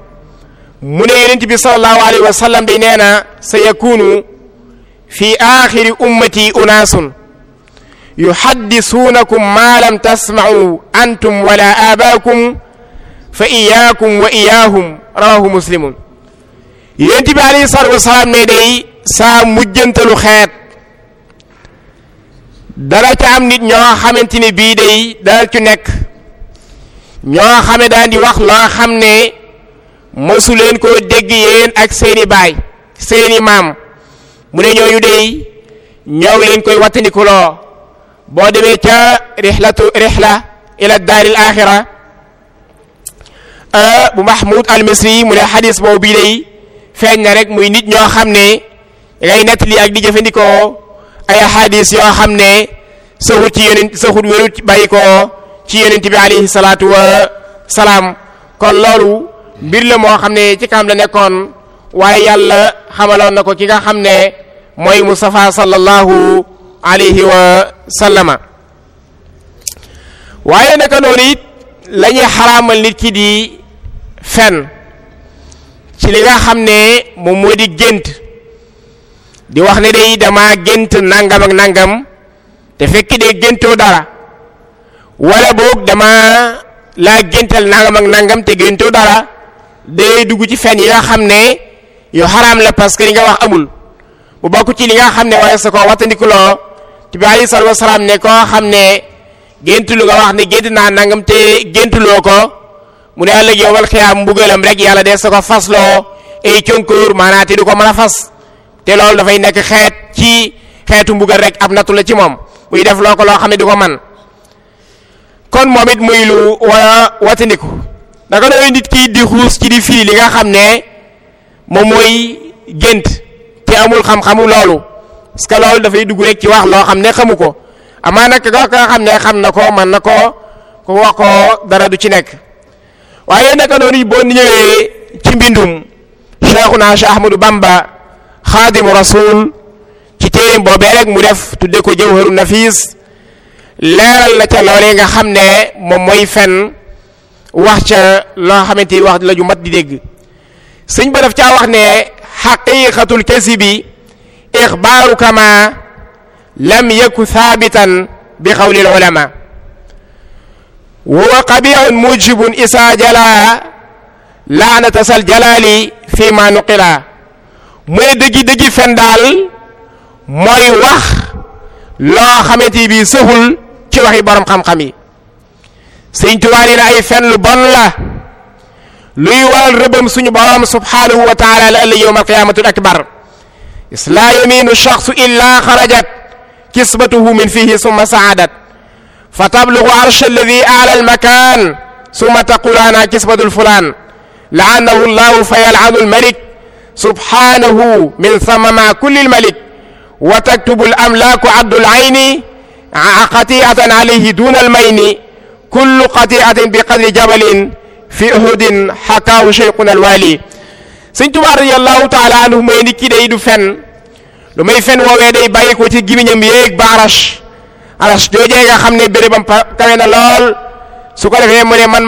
mu ne yonent bi sallallahu alayhi wa sallam day nee na sa yakunu fi axiri ummati unaasun yuhaddisuunakum maa lam tasma'u antum wala aabaakum fa iyaakum wa iyaahum rawahu muslimun yonent bi alayhi salaatu wasalaam ne day saa mujjantalu xeet dana ca am nit ñoo xamante ni bii day dana ci nekk ñoo xame daan di wax loo xam ne mësu leen koo dégg yéen ak seeni baay seeni maam mu ne ñooñu day ñoo leen koy wattandikuloo boo demee ca rihlatu rihla ila daaril axira ah, bu mahmoud al misri mu ne xadis boobu bii day feeñ na rek muy nit ñoo xam ne ngay nett li ak di jëfandikoo ay ahadis yoo xam ne saxut ci yeneen saxut wéru bàyyi ko ci yenent bi alayhi salaatu wa salaam kon loolu mbir la moo xam ne ci kaam la nekkoon waaye yàlla xamaloon na ko ki nga xam ne mooy Mustafa sallallahu alayhi wa sallama waaye naka noonu it la ñuy nit ki di fen ci li nga xam ne moom moo di gént di wax ne day dama gént nangam ak nangam te fekk de géntoo dara wala boog dama laa géntal nangam ak nangam te géntoo dara day dugg ci fen nga xam ne yow xaraam la parce que li nga wax amul bu bokk ci li nga xam ne waaye sa koo wattandikuloo te bi alei salatu wasalaam ne koo xam ne géntulu nga wax ne gént naa nangam te géntuloo ko mu ne ëllëg yowal xiyaam mbugalam rek yàlla dee sa ko fasloo ay conkoor maanaam te du ko mën a fas te loolu dafay nekk xeet ci xeetu mbugal rek ab nattu la ci moom muy def loo ko loo xam ne du ko man kon moom it muy lu wala watandiku naka nooy nit ki di xuus ci di firi li nga xam ne moom mooy gént te amul xam-xamu loolu parce que loolu dafay dugg rek ci wax loo xam ne xamu ko amaa nag nga xam ne xam na ko man na ko ko wax ko dara du ci nekk waaye naka noonu boo ñëwee ci mbindum Cheikhuna Cheikh Ahmadou Bamba xaadimu rasul ci téerim boobee rek mu def tudde ko jawharu nafis leeral na ca loolee xam ne moom mooy fen wax ca wax la ju mat di dégg sëñ ba daf caa wax ne xaqiqatul kasibi ixbaaru kama lam yaku thaabitan bi qawli al ulama wa qabiihun mujibun isa jala laanata sal jalaali fi ma nuqila mu ne dëggi dëggi fen daal mooy wax loo xamante bi sëxul ci waxi borom xam-xam yi sëñ Tuubaa nee na ay fen lu bon la luy waral rëbam suñu borom subhanahu wa taala la ëllëg yowm alqiyamatul akbar laa yamiinu shaxsu illa xarajat kisbatuhu min fihi summa saadat fa tablugu arsha alladi ala almakan summa taqul ana kisbatul fulan laanahu llahu fa yalanu almalik subhanahu min samama kulli malik wa taktubu al amlaaku abdul ayni qatiatan alayhi duna al mayni kullu bi qadri jabalin fi uhudin xakaahu cheikhuna al waali sëñ Tuubaa taala anhu mooy ni fen lu may fen woowee day bàyyi ko ci gimiñam yéeg ba arash arash joojee nga xam ne bérébam kawe na lool su ko defee mu ne man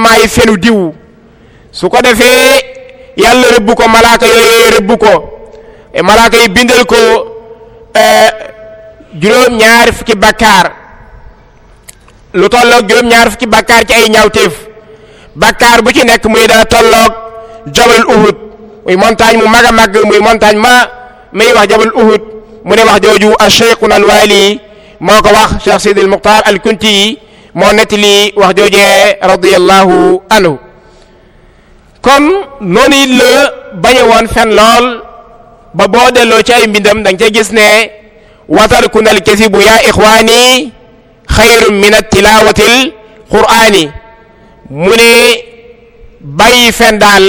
diw su ko yàlla rëbb ko malaaka yooyu rëbb ko malaaka yi bindal ko euh, juróom ñaar fukki bakkaar lu tolloog juróom ñaar fukki bakkaar ci ay ñaawteef bakkaar bu ci nekk muy dana tolloog jabal uhud muy montagne mu mag mag muy montagne ma may wax jabal uhud mu wax jooju a cheikhun al waali moo ko wax cheikh sidil muxtaar al kunti moo netti li wax joojee radiallahu anhu kon noonu it la woon fen lool ba boo delloo ci ay mbindam da nga gis ne watarkuna alkasibu yaa ixwaani xayrun min tilaawatil quraani mu ne bàyyi fen daal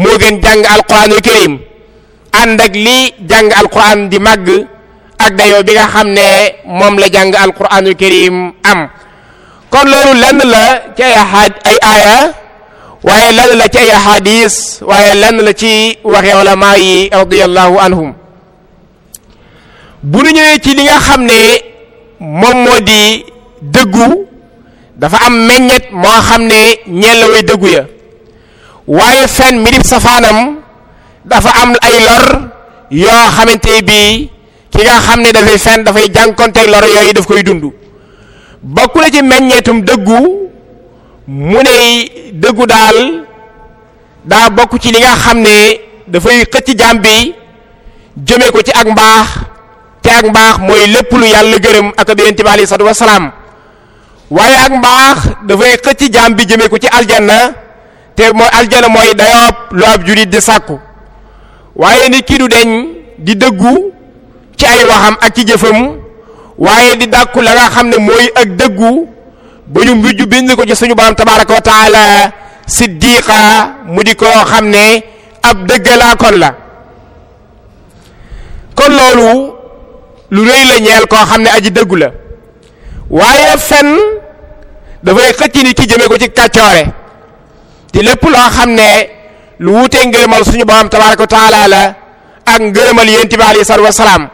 moo gën jàng alquranul karim ànd ak li jàng alquran di màgg ak dayoo bi nga xam ne moom la jàng alquranul karim am kon loolu lenn la ci ay ay aaya waaye lenn la ci ay ahadis waaye lenn la ci waxe ulama yi radiyallahu anhum bu nu ñëwee ci li nga xam ne moom moo di dëggu dafa am meññet moo xam ne ñeel dëggu ya waaye fen mi dib safaanam dafa am ay lor yoo xamante bi ki nga xam ne dafay fen dafay jànkonteeg lor yooyu daf koy dund bokk na ci meññeetum dëggu mu ne dëggu daal daa bokk ci li nga xam ne dafay xëcc jaam bi jëmee ko ci ak mbaax te ak mbaax mooy lépp lu yàlla gërëm ak yonent bi alayhi salaatu wasalaam waaye ak mbaax dafay xëcc jaam bi jëmee ko ci aljanna te mooy aljana mooy dayoob lu ab julit di sàkku waaye nit ki du deñ di dëggu ci ay waxam ak ci jëfam waaye di dàkku la nga xam ne mooy ak dëggu ba ñu mujj bind ko ci suñu borom tabaraka wa taala siddiqa mu di koo xam ne ab dëggalaa la kon loolu lu rëy la ñeel koo xam ne aj dëggu la waaye fen dafay xëcc nit ki jëme ko ci kàccoore te lépp loo xam ne lu wutee ngërëmal suñu borom tabaraka wa taala la ak ngërëmal yonent bi alayhi salaatu wasalaam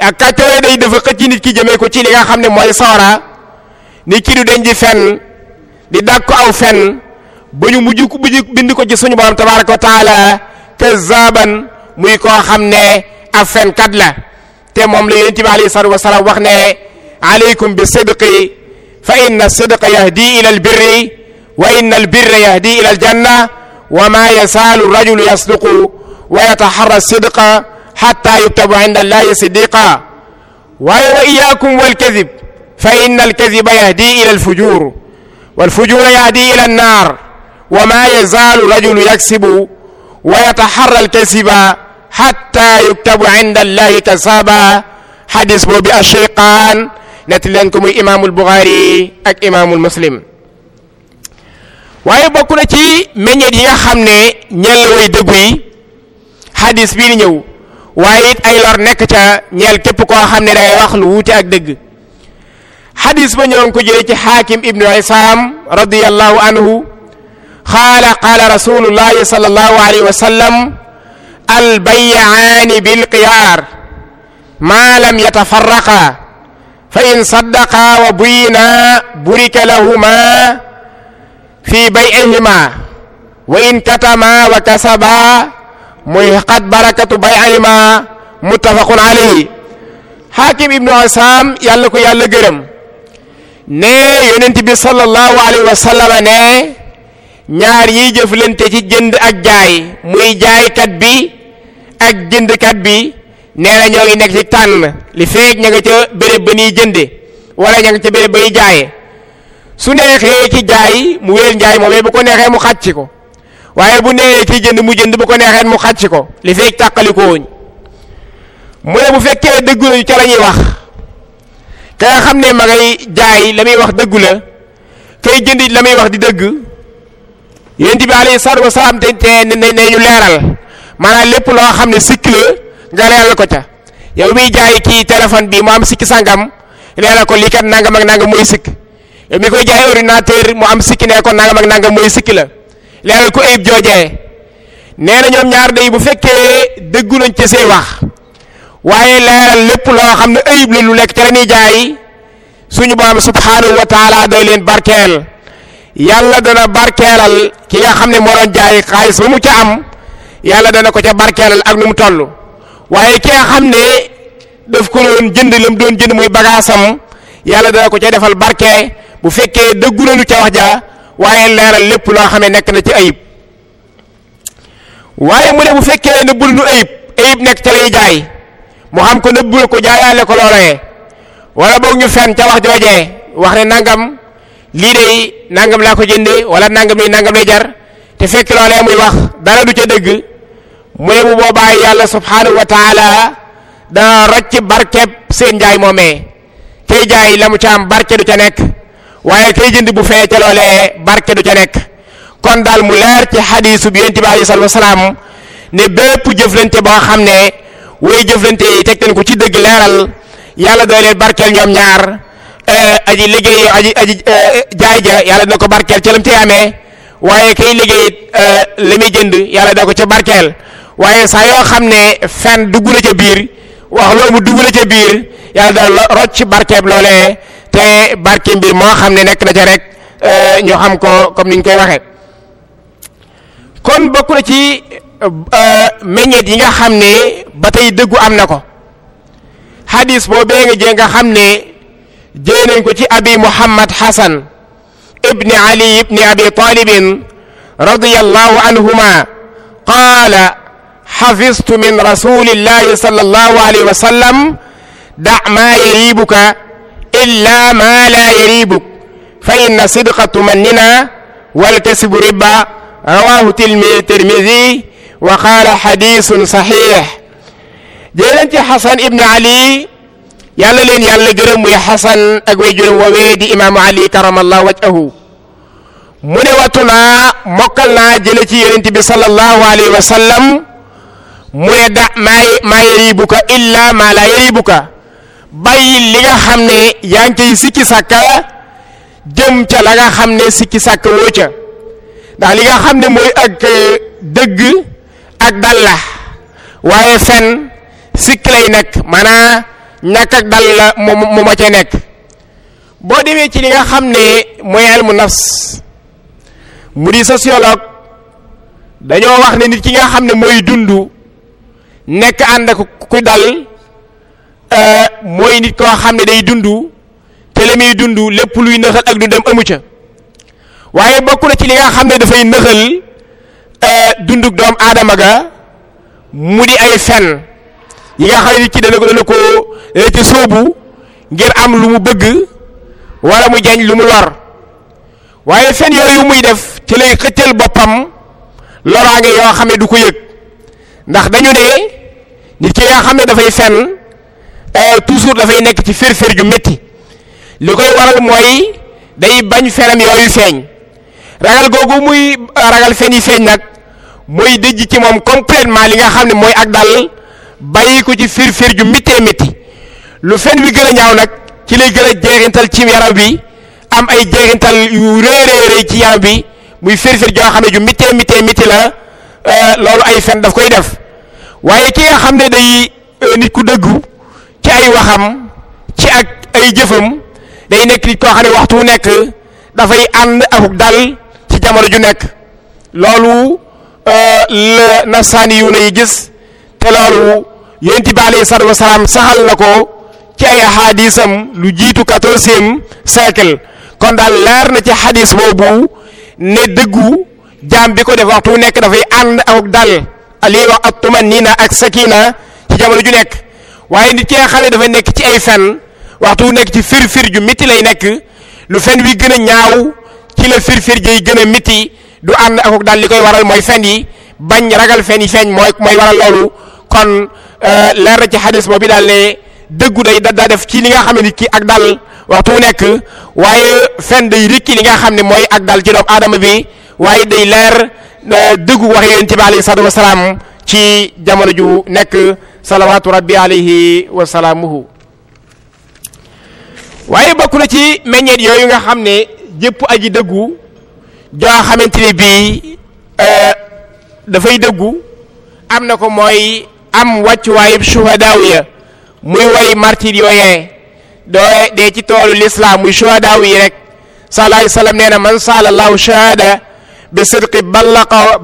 ak kàccoore day dafa xëcc nit ki jëmee ko ci li nga xam ne mooy soora ni kii du denc di fenn di dàq ko aw fenn ba ñu mujj ku mujj bind ko ci suñu borom tabaraka wa taala kazaaban muy koo xam ne ab fenkat la te moom la yonent bi alayhi salaatu wasalaam wax ne aleykum bi sidqi fa inna sidqa yahdi ila albirri wa inna albirra yahdi ila aljanna wa ma yasaalu rajulu yasduqu wa yataharra sidqa xatta yuktabu inda allahi siddiqa waaye wa iyaakum walkadib fa inna alkadiba yahdi ila alfujur walfujur yahdi ila annar wa ma yazalu rajulu yaksibu wa yataharra alkasiba hatta yuktabu inda allahi kasaba xadis boobu ashiqaan nett leen ko muy imaamul buxaari ak imaamul muslim waaye bokk na ci meññeet yi nga xam ne ñeel la way dëggu yi xadis ay lor nekk ca ñeel képp koo xam ne ak dëgg xadis ba ñoo ngi ko jëlee ci xaakim ibnu isaam radiallahu anhu qaala qaala rasulullahi sallallahu alayhi wa sallam albayaani bilqiyaar maa lam yatafarraqa fa in saddaqa wa buyina burika lahuma fi bay'ihima wa in katama wa kasaba muhiqat barakatu bay'ihima muttafaqun alayhi xaakim ibnu isaam yàlla ko yàlla gërëm ne yonent bi sallallahu alayhi wa ne ñaar yiy jëflante ci jënd ak jaay muy jaaykat bi ak jëndkat bi nee na ñoo ngi nekk ci tànn li feek ña nga ca béréb ba ñuy jënde wala ña nga ca béréb ba ñuy jaaye su neexee ci jaay mu wéel njaay moomee bu ko neexee mu xàcc ko waaye bu neexee ci jënd mu jënd bu ko neexee mu xàcc ko li feek tàqalikowuñ mu ne bu fekkee dëgg nañu ca la wax ka nga xam ne ma jaay la muy wax dëggu la kay jëndi la muy wax di dëgg yonent bi alayhi salaatu wasalaam te te ne ñu leeral maanaam lépp loo xam ne sikk la nga leeral ko ca yow miy jaay ci téléphone bi mu am sikki sangam leeral ko lii kat nangam ak nangam mooy sikk yow mi koy jaay ordinateur mu am sikki ne ko nangam ak nangam mooy sikki la leeral ko ayib joojee nee na ñoom ñaar day bu fekkee dëggu nañ ca see wax waaye leeral lépp loo xam ne ayib la lu nekk ca la ñuy jaay suñu borom subhanahu wa taala day leen barkeel yàlla dana barkeelal ki nga xam ne moo doon jaay xaalis ba mu ca am yàlla dana ko ca barkeelal ak nu mu toll waaye ki xam ne daf ko doon jënd la doon jënd muy bagaasam yàlla dana ko ca defal barke bu fekkee dëggu na lu ca wax ja waaye leeral lépp loo xam ne nekk na ci ayib waaye mu ne bu fekkee ne bul nu ayib ayib nekk ca lay jaay. mu xam ko nëbbul ko jaayaale ko loolee wala boog ñu fen ca wax joojee wax ne nangam lii de nangam laa ko jënd wala nangam lii nangam lay te fekk loolee muy wax dara du ca dëgg mu ne bu boobaa yàlla subhanahu wa taala dana rocc barkeb seen njaay moomee kay jaay la mu ca am du ca nekk waaye kay jënd bu fee ca loolee barke du ca nekk kon daal mu leer ci xadiisu bi yonent bi alayhi salaatu wasalaam ne bépp jëflante boo xam ne way jëflante yi teg leen ko ci dëgg leeral yàlla doo leen barkeel ñoom ñaar eh, aji liggéey aji aji eh, jaay ja yàlla dina ko barkeel ca lam ci amee waaye kay liggéey it eh, la muy jënd yàlla dina ko ca barkeel waaye saa yoo xam ne fen dugg na ca biir wax loolu mu dugg na ca biir yàlla dana rocc barkeeb loolee te barke mbir moo xam ne nekk na ca rek ñu xam ko comme ni ñu koy waxee kon bokk na ci meññeet yi nga xam ne ba tey dëggu am na ko hadis boo bee nga jee nga xam ne jëlee nañ ko ci abi muhammad hasan ibni ali ibni abi talibin radiyallahu anhuma qaala xafistu min rasulillahi sallallahu alayhi wa sallam da maa yariibuka illa maa laa yariibuk fa inna sidqa tumannina waltasibu riba rawahu tirmidi wa qaala xadisun saxiix dee leen ci xasan ibnu ali yàlla leen yàlla gërëm muy xasan ak way juróom woowee di imaamu ali karamallahu wajhahu mu ne wattu naa mokkal naa jële ci yonent bi sallallahu alayhi wa sallam da maa maa illa maa laa yaribuka bàyyi li nga xam ne yaa ngi cay sikki sàkka jëm ca la nga xam ne sikki sàkk woo ca ndax li nga xam ne mooy ak dëgg ak dalla waaye fen sikk lay nekk maanaa ñàkk ak dal la mu mu ma cee nekk boo demee ci li nga xam ne mooy mu nas mu di sociologue dañoo wax ne nit ki nga xam ne mooy dund nekk ànd ak ku dal euh, mooy nit koo xam ne day dund te la muy dund lépp luy nëxal ak lu dem amu ca waaye bokk na ci li nga xam ne dafay nëxal euh, dunduk doom aadama ga mu di ay fen yi nga xam ne ci dana ko dana ko dana ngir am lu mu bëgg walla mu jañ lu mu lor waaye fen yooyu muy def ci lay xëccal boppam loraange yoo xam ne du ko yëg ndax dañu ne nit ki nga xam ne dafay fen euh, toujours dafay nekk ci firfir ju métti li koy waral mooy day bañ fenam yooyu feeñ ragal googu muy ragal fen yi feeñ nag mooy dëjj ci moom complètement li nga xam ne mooy ak dal bàyyi ko ci firfir ju mittee mitti lu fen wi gën a ñaaw nag ci lay gën a jeexintal ci yaram bi am ay jeexintal yu rëy rëy ci yaram bi muy firfir joo xam ne ju mittee mittee mitti la euh, loolu ay fen daf koy def waaye ki nga xam ne day euh, nit ku dëggu ci ay waxam ci ak ay jëfam day nekk nit koo xam ne waxtu nekk dafay ànd akuk dal ci jamono ju nekk loolu euh, la nasaani yu na gis te loolu yonent bi alayhi salaatu wasalaam saxal na ko ci ay xadisam lu jiitu quatorzième siècle kon daal leer na ci xadis boobu ne dëggu jaam bi ko def waxtu nekk dafay ànd ak dal lii wax ak tumanina ak sakina ci jamono ju nekk waaye nit ki nga xam dafa nekk ci ay fen waxtu nekk ci firfir ju mitti lay nekk lu fen wi gën a ñaaw ci la firfir jay gën a mitti du ànd ak dal li koy waral mooy fen yi bañ ragal fen yi feeñ mooy mooy waral loolu kon euh, leer na ci xadis boobu daal ne dëggu day da daa def ci li nga xam ne nit ki ak dal waxtu wu nekk waaye fen day rikki li nga xam ne mooy ak dal ci doomu aadama bi waaye day leer euh, dëggu wax yonent bi alayhi salaatu wasalaam ci jamono ju nekk salawaatu rabbi alayhi wa salaamuhu waaye bokk na ci meññeet yooyu nga xam ne jëpp aji dëggu joo xamante ne bii euh, dafay dëggu am na ko mooy am wàccuwaayub shuhadaaw ya muy way martir yooyee doo dee ci toolu lislaam muy rek sallallahu alayhi wasallam nee na man saalallahu shahada bi sidqi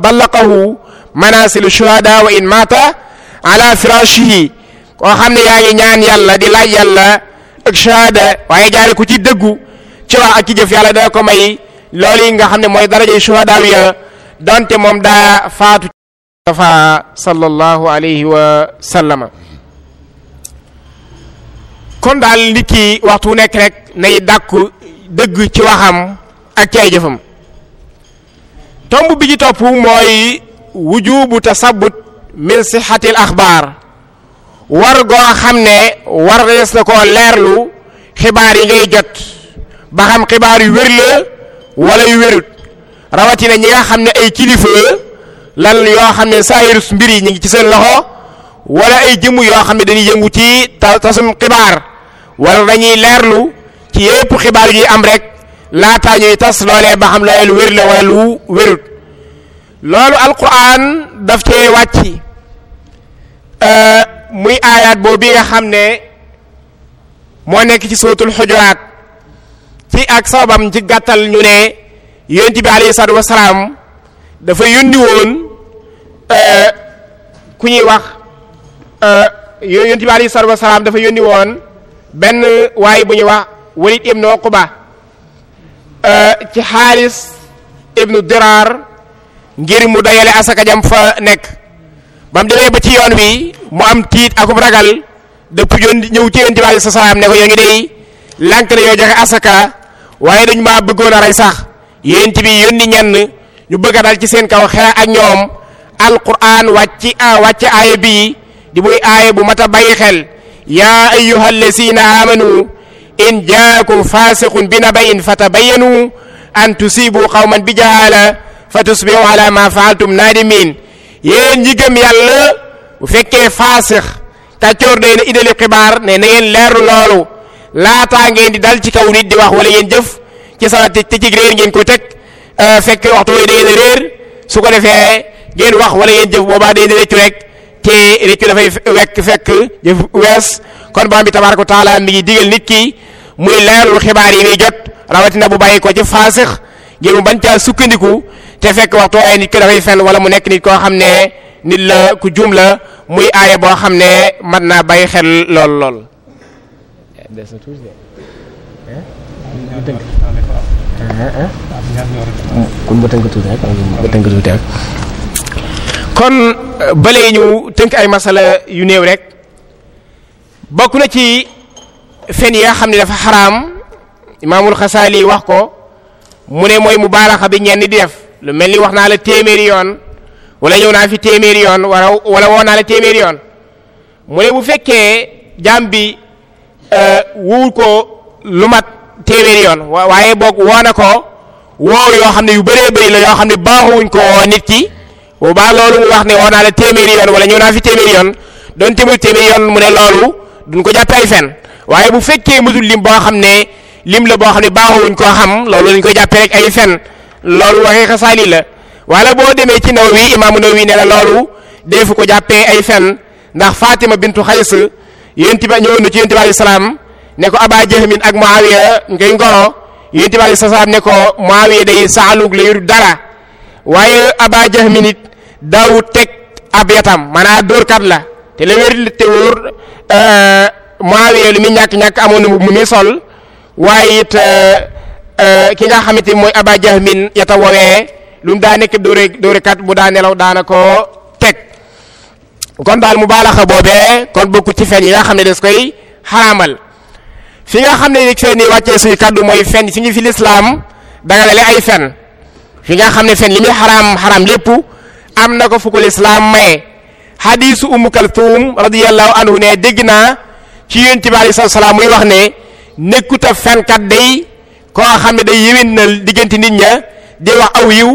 ballaqahu manasilu shuhada wa in mata ala firashihi koo xam ne yaa ngi ñaan yàlla di laaj yàlla ak shahada waaye ko ci dëggu ci ak ci jëf yàlla dana ko may loolu nga xam ne mooy darajay shuhada donte moom daa faatu tafaa sallallahu alayhi wa sallama kon daal nit ki waxtu nekk rek nay dàkku dëgg ci waxam ak ci ay jëfam tomb bi ci topp mooy wujubu tasabut min sixatil axbaar war xam ne war rees na koo leerlu xibaar yi ngay jot ba xam xibaar yu wér wala yu wérut rawatina ñi nga xam ne ay kilifa lan yoo xam ne saa saayir mbir yi ñu ngi ci seen loxo wala ay jëmm yoo xam ne dañuy yëngu ci tasum xibaar wala dañuy leerlu ci yépp xibaar yuy am rek laataa ñuy tas loolee ba xam loolee lu wér la wala lu wérut loolu alquran daf cee wàcc euh, muy aayaat boobu bi nga xam ne moo nekk ci suratul xujuraat ci ak sababam ci gàttal ñu ne yonent bi alayhi salaatu wasalaam dafa yónni Eh, ku ñuy wax eh, yonent bi alayhi salaatu wasalaam dafa yónni woon benn waay bu ñuy wax Walid ibnu Uqba eh, ci xaalis ibnu Diraar ngir mu dayale asaka jam fa nekk ba mu demee ba ci yoon wi mu am tiit akum ragal dëpp yoon ñëw ci yonent bi alayhi salaam ne ko yow ngi dey lànk na yoo joxe asaka waaye dañu maa bëggoon a rey sax yonent bi yónni ñenn ñu bëgg a dal ci seen kaw xeex ak ñoom alquran wàcci a ah, wàcce aaya di muy aaya bu mat a bàyyi xel yaa ayyuha allazina amanu in jaakum fasiqun bi nabain fatabayanu an tusibu qawman bi jahala fa tusbihu ala ma faaltum naadimin yéen ñi gëm bu fekkee faasix kàccoor day na idali xibaar ne na ngeen leeru loolu laataa ngeen di dal ci kaw nit di wax wala ngeen jëf ci sama te ci réer ngeen ko teg euh, fekk waxtu wooyu da ngeen réer su ko defee ngeen wax wala ngeen jëf boobaa day réccu rek te réccu dafay wekk fekk wees kon borom bi tabaaraka wa taala mi ngi digal nit ki muy leerul xibaar yi muy jot rawatina bu bàyyi ko ci faasix ngir mu bañ caa sukkandiku te fekk waxtu ay nit ki dafay fenn wala mu nekk nit koo xam ne nit la ku juum la muy aaya boo xam ne mën naa bàyyi xel lool lool. kon kon euh, balee ñu tënk ay masala yu néew rek bokk na ci fen yaa xam ne dafa xaraam imaamul xasaali wax ko mu ne mooy mu mubaalaxa bi ñenn di def lu mel ni wax naa la téeméeri yoon wala ñëw naa fi téeméeri yoon wala wala naa téeméeri yoon mu bu fekkee jaam bi euh, wuul ko lu mat téeméeri yoon waaye boog woo na ko woow yoo xam ne yu bëree bëri la yoo xam ne baaxuwuñ ko nit ki bu baax loolu mu wax ne woo naa la téeméeri yoon wala ñëw naa fi téeméeri yoon doon téeméeri téeméeri yoon mu ne loolu duñ ko jàppe ay fen waaye bu fekkee mësul lim boo xam ne lim la boo xam ne baaxuwuñ koo xam loolu lañ ko jàppe ay fen loolu waxi xasaali la wala boo demee ci naw wi imaamu naw wi ne la loolu deefu ko jàppee ay fen ndax Fatima bintu Xays yonent ba ñëwoon na ci yonent bi salaam ne ko Aba Jahmin ak Muawiya ngay ngoro yonent bi alayhi salaam ne ko Muawiya day saalug la yor dara waaye Aba Jahmi nit daawut teg ab yatam maanaam dóorkat la te li wér te wóor euh, Muawiya li muy ñàkk ñàkk amoon na mu muy sol waaye it euh, euh, ki nga xamante mooy Aba Jahmi yata woowee lu mu daa nekk dóore dóorekat bu daa nelaw daana ko teg kon daal mu baalaxa boobee kon bokku ci fen yi nga xam ne des koy xaraamal fi nga xam ne fenn yi wàccee suy kaddu mooy fen fi ñu fi lislaam danga lale ay fen fi nga xam ne fen li muy xaraam xaraam lépp am na ko fu ko lislaam maye xadiisu umu kaltuum radiyallahu anhu ne dégg naa ci yonent bi aleyhi salaam muy wax ne nekkut a fenkat day koo xam ne day yéwénal diggante nit ña di wax aw yiw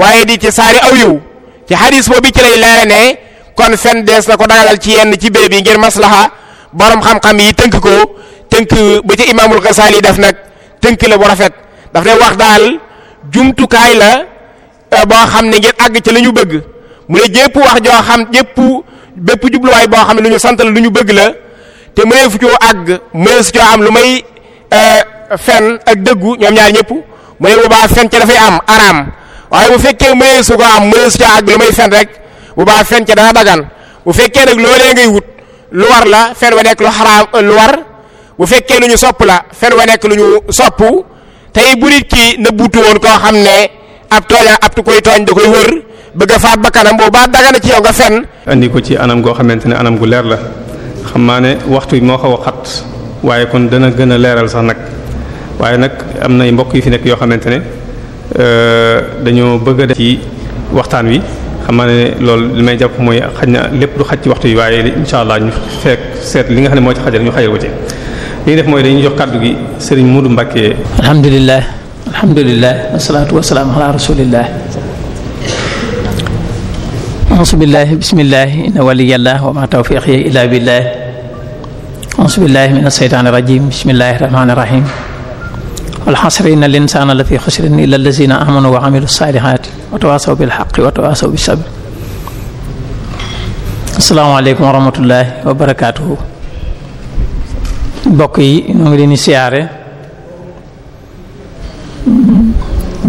waaye di ci saari aw yiw ci xadiis boobu ci lay leere ne kon fen des na ko dagalal ci yenn ci béréb yi ngir maslaha borom xam-xam yi tënk ko tënk ba ca imaamul Gasaali def nag tënk la bu rafet daf ne wax daal jumtukaay la eh, boo xam ne ngir àgg ca la ñu bëgg mu ne jépp wax joo xam jépp bépp jubluwaay boo xam ne lu ñu sant la lu ñu bëgg la te mëneefu coo àgg mëneefu coo am lu may eh, fen ak dëggu ñoom ñaar ñëpp mu ne bu baax dafay am araam waaye bu fekkee mëneesu ko am mëneesu coo àgg lu may fen rek bu baa fen ca dana dagan bu fekkee nag loolee ngay wut lu war la fen wa nekk lu xaraam lu war bu fekkee lu ñu sopp la fen wa nekk lu ñu sopp tey bu nit ki nëbbutu woon koo xam ne ab tooña ab tu koy tooñ da koy wër bëgg a faat bakkanam boobu baa dagana ci yow nga fenn andi ko ci anam goo xamante ne anam gu leer la xam maa ne waxtu yi moo xaw a xat waaye kon dana gën a leeral sax nag waaye nag am nay mbokk yu fi nekk yoo xamante ne euh, dañoo bëgg a ci waxtaan wi xam naa ne loolu li may jàpp mooy xaj na lépp du xaj ci waxtu yi waaye incha allah ñu fekk seet li nga xam ne moo ci xajal ñu xajal ko ci li def mooy dañuy jox kàddu gi Serigne Modou Mbacké. alhamdulilah alhamdulilah wasalaatu wasalaam ala rasulillah. asubillahi bismillahi inna waliyallah wa ma tawfiqi illa billah asubillahi min aseytaani rajim bismillahi rahmaani rahim wal xasri inna al insaana la fi xusrin illa allazina amanu wa amilu saalihaati wa tawaasaw bil xaqi wa tawaasaw bis sabr asalaamaaleykum wa rahmatullahi wa barakaatuhu bokk yi ñoo ngi leen di siyaare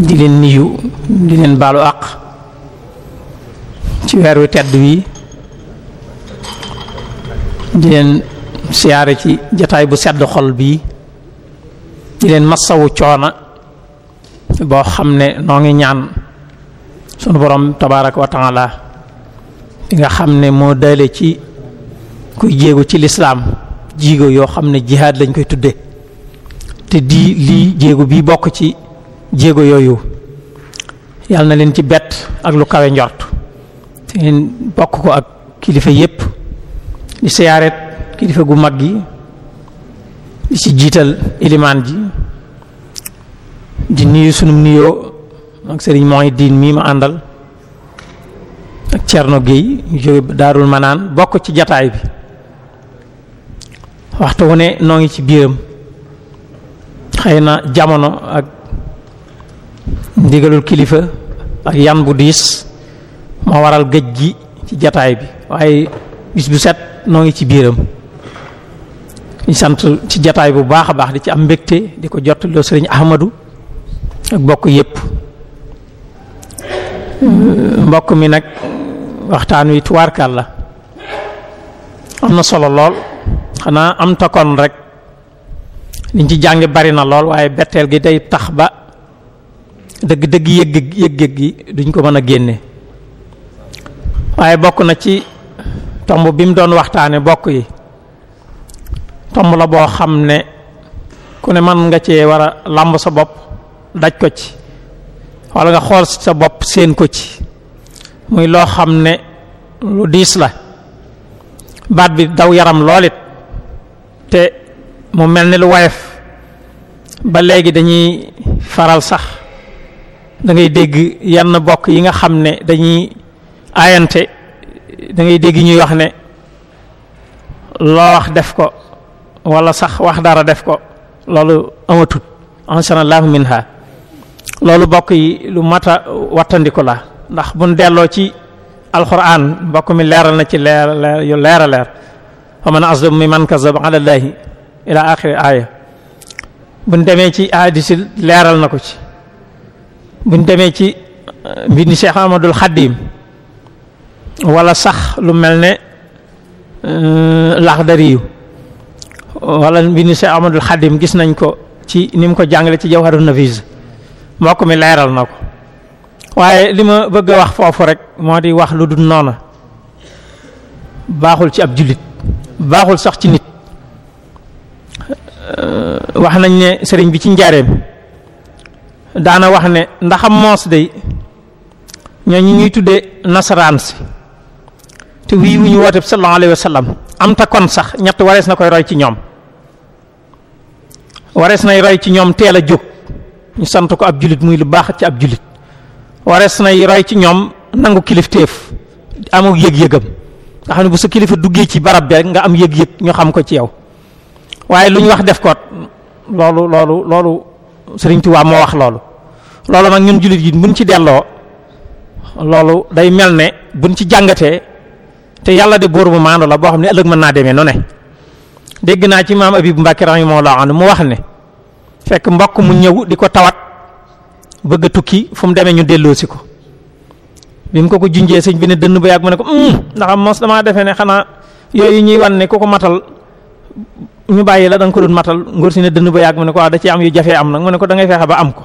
di leen nuyu di leen baalu àq ci weer wi tedd wi di leen siyaare ci jataay bu sedd xol bii di leen massawu coona boo xam ne noo ngi ñaan sunu boroom tabaaraka wa taala di nga xam ne moo dale ci kuy jéegu ci lislaam jiigo yoo xam ne jihaad lañ koy tudde te di lii jéego bii bokk ci jéego yooyu yal na leen ci bett ak lu kawe njort te ngeen bokk ko ak kilifa yépp di siyaaret kilifa gu mag gi di ci jiital ilimaan ji di nuyu sunum nuyoo ak sëriñ mooy diin mii ma àndal ak Cerno Géey ñu jóge daarul manaan bokk ci jataay bi waxtu wu ne noo ngi ci biiram xëy na jamono ak ndigalul kilifa ak yan bu diis moo waral géej gi ci jataay bi waaye bis bu set noo ngi ci biiram ñu sant ci jataay bu baax a baax di ci am mbégte di ko jot loo sëriñ Ahmadu ak bokk yépp mbokk mi nag waxtaan wi tuwaarkal la am na solo lool xanaa am takkoon rek liñ ci jàng bari na lool waaye betteel gi day tax ba dëgg-dëgg yëg yëg gi duñ ko mën a génne waaye bokk na ci tomb bi mu doon waxtaane bokk yi tomb la boo xam ne ku ne mën nga cee war a làmb sa bopp daj ko ci wala nga xool sa bopp seen ko ci muy loo xam ne lu diis la baat bi daw yaram loolit te mu mel ni lu woyof ba léegi dañuy faral sax dangay dégg yenn bokk yi nga xam ne dañuy ayante dangay dégg ñuy wax ne loo wax def ko wala sax wax dara def ko loolu amatut ansanallahu minha loolu bokk yi lu mat wattandiku la ndax buñ delloo ci alxuraan mbokk mi leeral na ci leer leer yu leer a leer wa man mi man kazaba ala llahi ila aaya buñ demee ci aadisi leeral na ko ci buñ demee ci uh, mbind Cheikh Ahmadul Xaddiim wala sax lu mel ne uh, Laxdariyu wala mbind Cheikh Ahmadul Xaddiim gis nañ ko ci ni ko jàngale ci Jawharun moo ko mi leeral na ko waaye li ma bëgg wax foofu rek moo di wax lu dul noona baaxul ci ab jullit baaxul sax ci nit euh, wax nañ ne sëriñ bi ci njaareem daana wax ne ndaxam moos dey ñoo ñi ñuy tuddee nasaraan si te wii wu ñu woote sallallahu alayhi wa sallam kon sax ñett warees na koy roy ci ñoom warees nay roy ci ñoom teel a jóg ñu sant ko ab jullit muy lu baax ci ab jullit warees nay roy ci ñoom nangu kilifteef amul yëg-yëgam nga xam ne bu sa kilifa duggee ci barab bi rek nga am yëg-yëg ñu xam ko ci yow waaye lu ñu wax def ko loolu loolu loolu Sëriñ Tuubaa moo wax loolu loolu nag ñun jullit yi buñ ci delloo loolu day mel ne buñ ci jàngatee te yàlla de buur bu maandu la boo xam ne ëllëg mën naa demee nu ne dégg naa ci maam Habib yi rahimahullah mu wax ne fekk mbokk mu ñëw di ko tawat bëgg a tukki fu mu demee ñu delloosi ko bi mu ko ko junjee sëñ bi ne dënn ba yàgg mu ne ko hmm, ndax mos damaa defee ne xanaa yooyu ñuy wan ne ku ko matal ñu bàyyi la da ko doon matal ngóor si ne dënn ba yàgg mu ne ko waaw ah, am yu jafee am nag mu ne ko da ngay ba am ko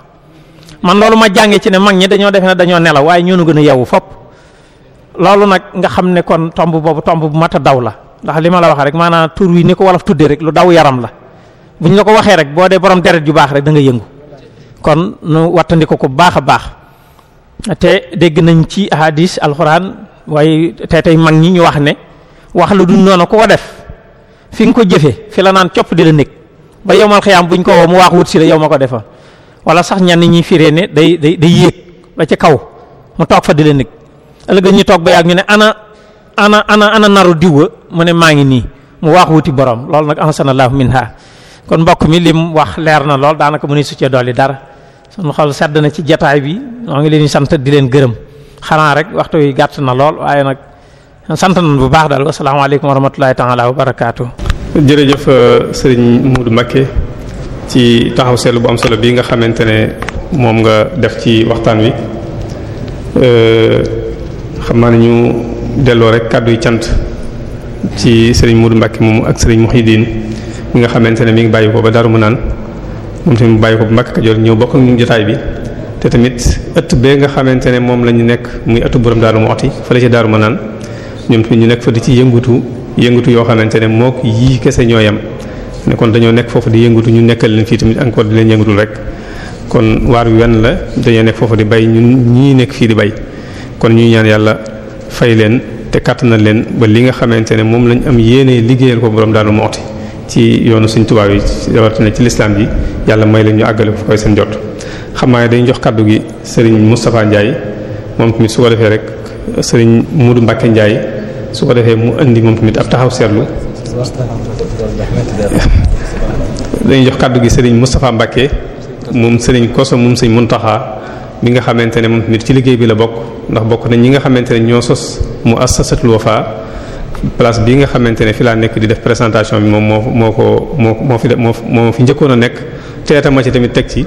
man loolu ma jàngee ci ne mag ñi dañoo defe ne dañoo nelaw waaye ñoo nu gën a yeewu fop loolu nag nga xam ne kon tomb boobu tomb bu mat a daw la ndax li ma la wax rek maanaam wi ni ko wolof tuddee rek lu daw yaram la buñ la ko waxee rek boo dee borom deret ju baax rek da nga yëngu kon nu wattandi ko ko baax a baax te dégg nañ ci hadis alxuraan waaye te tey mag ñi ñu wax ne wax la du noonu ku ko def fi nga ko jëfe fi la naan copp di la nekk ba yowmal xiyaam buñ ko woo mu waax wut si la yow ma ko defa wala sax ñenn ñi firee ne day day day yéeg ba ci kaw mu toog fa di la nekk ëllëg ñu toog ba yàgg ñu ne ana ana ana ana naru diwa mu ne maa ngi nii mu waax wuti borom loolu nag ahsanallahu minha kon mbokk mi lim wax leer na lool daanaka mu ne su cee dolli dara. sunu xol sedd na ci jataay bi moo ngi leen di sant di leen gërëm xanaa rek waxtu yi gàtt na lool waaye nag sant nañ bu baax daal asalaamaaleykum wa rahmatulahi taala wa barakaatu. jërëjëf euh, sëriñ Modou Mbacké ci taxaw seetlu bu am solo bii nga xamante ne moom nga def ci waxtaan wi euh, xam naa ne ñu delloo rek kàddu yi cant ci sëriñ Modou Mbacké moomu ak sëriñ Mouhidine mi nga xamante ne mi ngi bàyyi ko ba Darou Minane moom tamit mu bàyyi ko bu Mbàkke Kajoor ñëw bokk ñu jotaay bi te tamit ëtt bee nga xamante ne moom la ñu nekk muy ëttu borom Daaru Muxti fële ci Daaru Manaan ñoom tamit ñu nekk fa di ci yëngutu yëngutu yoo xamante ne mook yii kese ñoo yem ne kon dañoo nekk foofu di yëngutu ñu nekkal leen fii tamit encore di leen yëngutul rek kon waar wi la dañoo nekk foofu di bay ñun ñii nekk fii di bay kon ñuy ñaan yàlla fay leen te kàttanal leen ba li nga xamante ne moom lañ am yéene liggéeyal ko borom Daaru Muxti ci yoonu suñ tubaab yi rawatina ci lislaam ji yàlla may la ñu àggale ko fu koy seen jot xam naa ne dañu jox kàddu gi sëriñ Moustapha Ndiaye moom tamit su ko defee rek sëriñ Modou Mbacke Ndiaye su ko defee mu indi moom tamit ab taxaw seetlu dañu jox kaddu gi sëriñ Moustapha Mbacke moom sëriñ Koso moom sëriñ Muntaxa mi nga xamante ne moom tamit ci liggéey bi la bokk ndax bokk nañ ñi nga xamante ne ñoo sos mu assasatul Wafa place bii nga xamante ne fi laa nekk di def présentation bi moom moo moo ko moo moo fi moo fi njëkkoon a nekk teeta ma ci tamit teg ci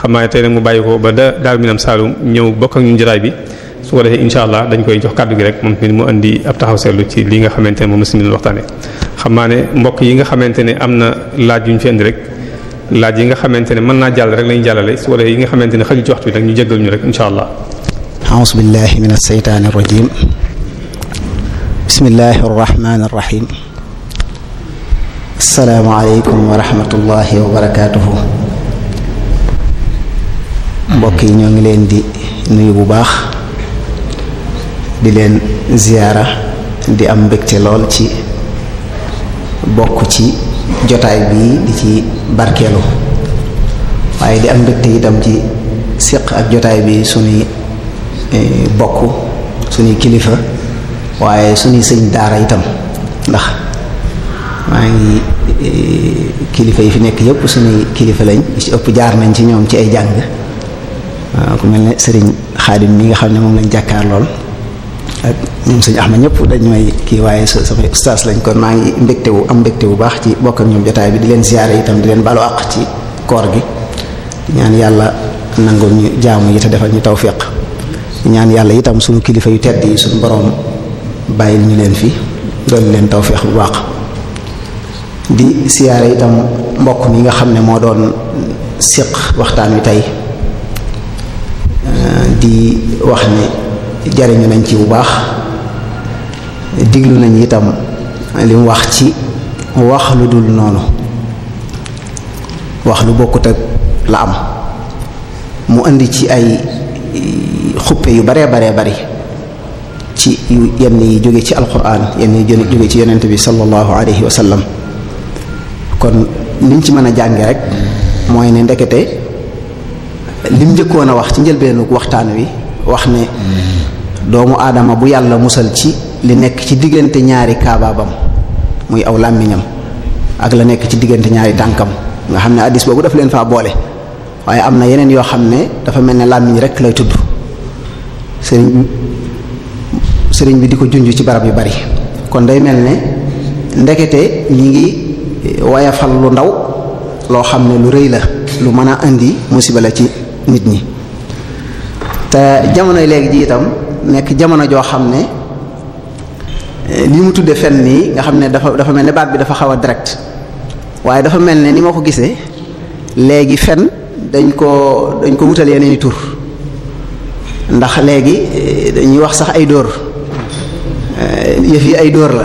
xam naa tey nag mu bàyyi ko ba da daal mi nam Saalum ñëw bokk ak ñun bi su ko defee incha allah dañ koy jox kàddu gi rek moom tamit mu indi ab taxaw seetlu ci lii nga xamante ne moom la si mën waxtaanee. xam naa ne mbokk yi nga xamante ne am na laaj yu ñu fi indi rek laaj yi nga xamante ne mën naa jàll rek lañu jàllale su ko yi nga xamante ne xëy ci waxtu bi ñu jégal ñu rek incha allah. a'uuzu billahi minash shaytaanir rajiim bismillaahi arrahmaani arrahiim assalaamu aleykum wa rahmatullaahi wa barakaatuhu mbokk yi ñoo ngi leen di nuyu bu baax di leen ziyaara di am mbégte lool ci bokk ci jotaay bii di ci barkeelu waaye di am mbégte itam ci siq ak jotaay bi suñuy eh, bokk suñuy kilifa waaye suñuy sëñ daara itam ndax maa ngi eh, kilifa yi fi nekk yëpp suñuy kilifa lañ ci ëpp jaar nañ ci ñoom ci ay jàng waaw ah, ku mel ni sëriñ xaadim mi nga xam ne moom lañ jàkkaar lool ak ñoom sëñ Axma ñëpp dañ may kii waaye samay ustaas lañ kon maa ngi mbégte wu am mbégte bu baax ci bokk ñoom jotaay bi di leen ziyaare itam di leen balu àq ci koor gi ñaan yàlla nangul ñu jaamu yi te defal ñu tawfiq di ñaan yàlla itam suñu kilifa yu tedd yi suñ boroom bàyyil ñu leen fii doon leen tawféex bu baax di siyaare itam mbokk mi nga xam ne moo doon séq waxtaan wi tey euh, di wax ne jariñu nañ ci bu baax diglu nañ itam li wax ci wax lu dul noonu wax lu bokkut ak la am mu indi ci ay xuppe yu baree baree bari ci yenn yi jóge ci alquran yenn yi jóge ci yonent bi sallallahu alayhi wa sallam kon liñ ci mën a jànge rek mooy ne ndekete lim njëkkoon a wax ci njëlbeenu waxtaan wi wax ne doomu aadama bu yàlla musal ci li nekk ci diggante ñaari kaabaabam muy aw làmmiñam ak la nekk ci diggante ñaari tànkam nga xam ne addis boobu daf leen faa boole waaye am na yeneen yoo xam ne dafa mel ne làmmiñ rek lay tudd sëriñ sëriñ bi di ko junj ci barab yu bari kon day mel ne ndekete ñi ngi wayafal lu ndaw loo xam ne lu rëy la lu mën a indi musiba la ci nit ñi te jamono léegi ji itam nekk jamono joo xam ne li eh, mu tudde fen nii nga xam ne dafa dafa mel ne baat bi dafa xaw a direct waaye dafa mel ne ni ma ko gisee léegi fen dañ ko dañ ko wutal yeneen i tur ndax léegi eh, dañuy wax sax ay dóor Euh, yëf yi ay dóor la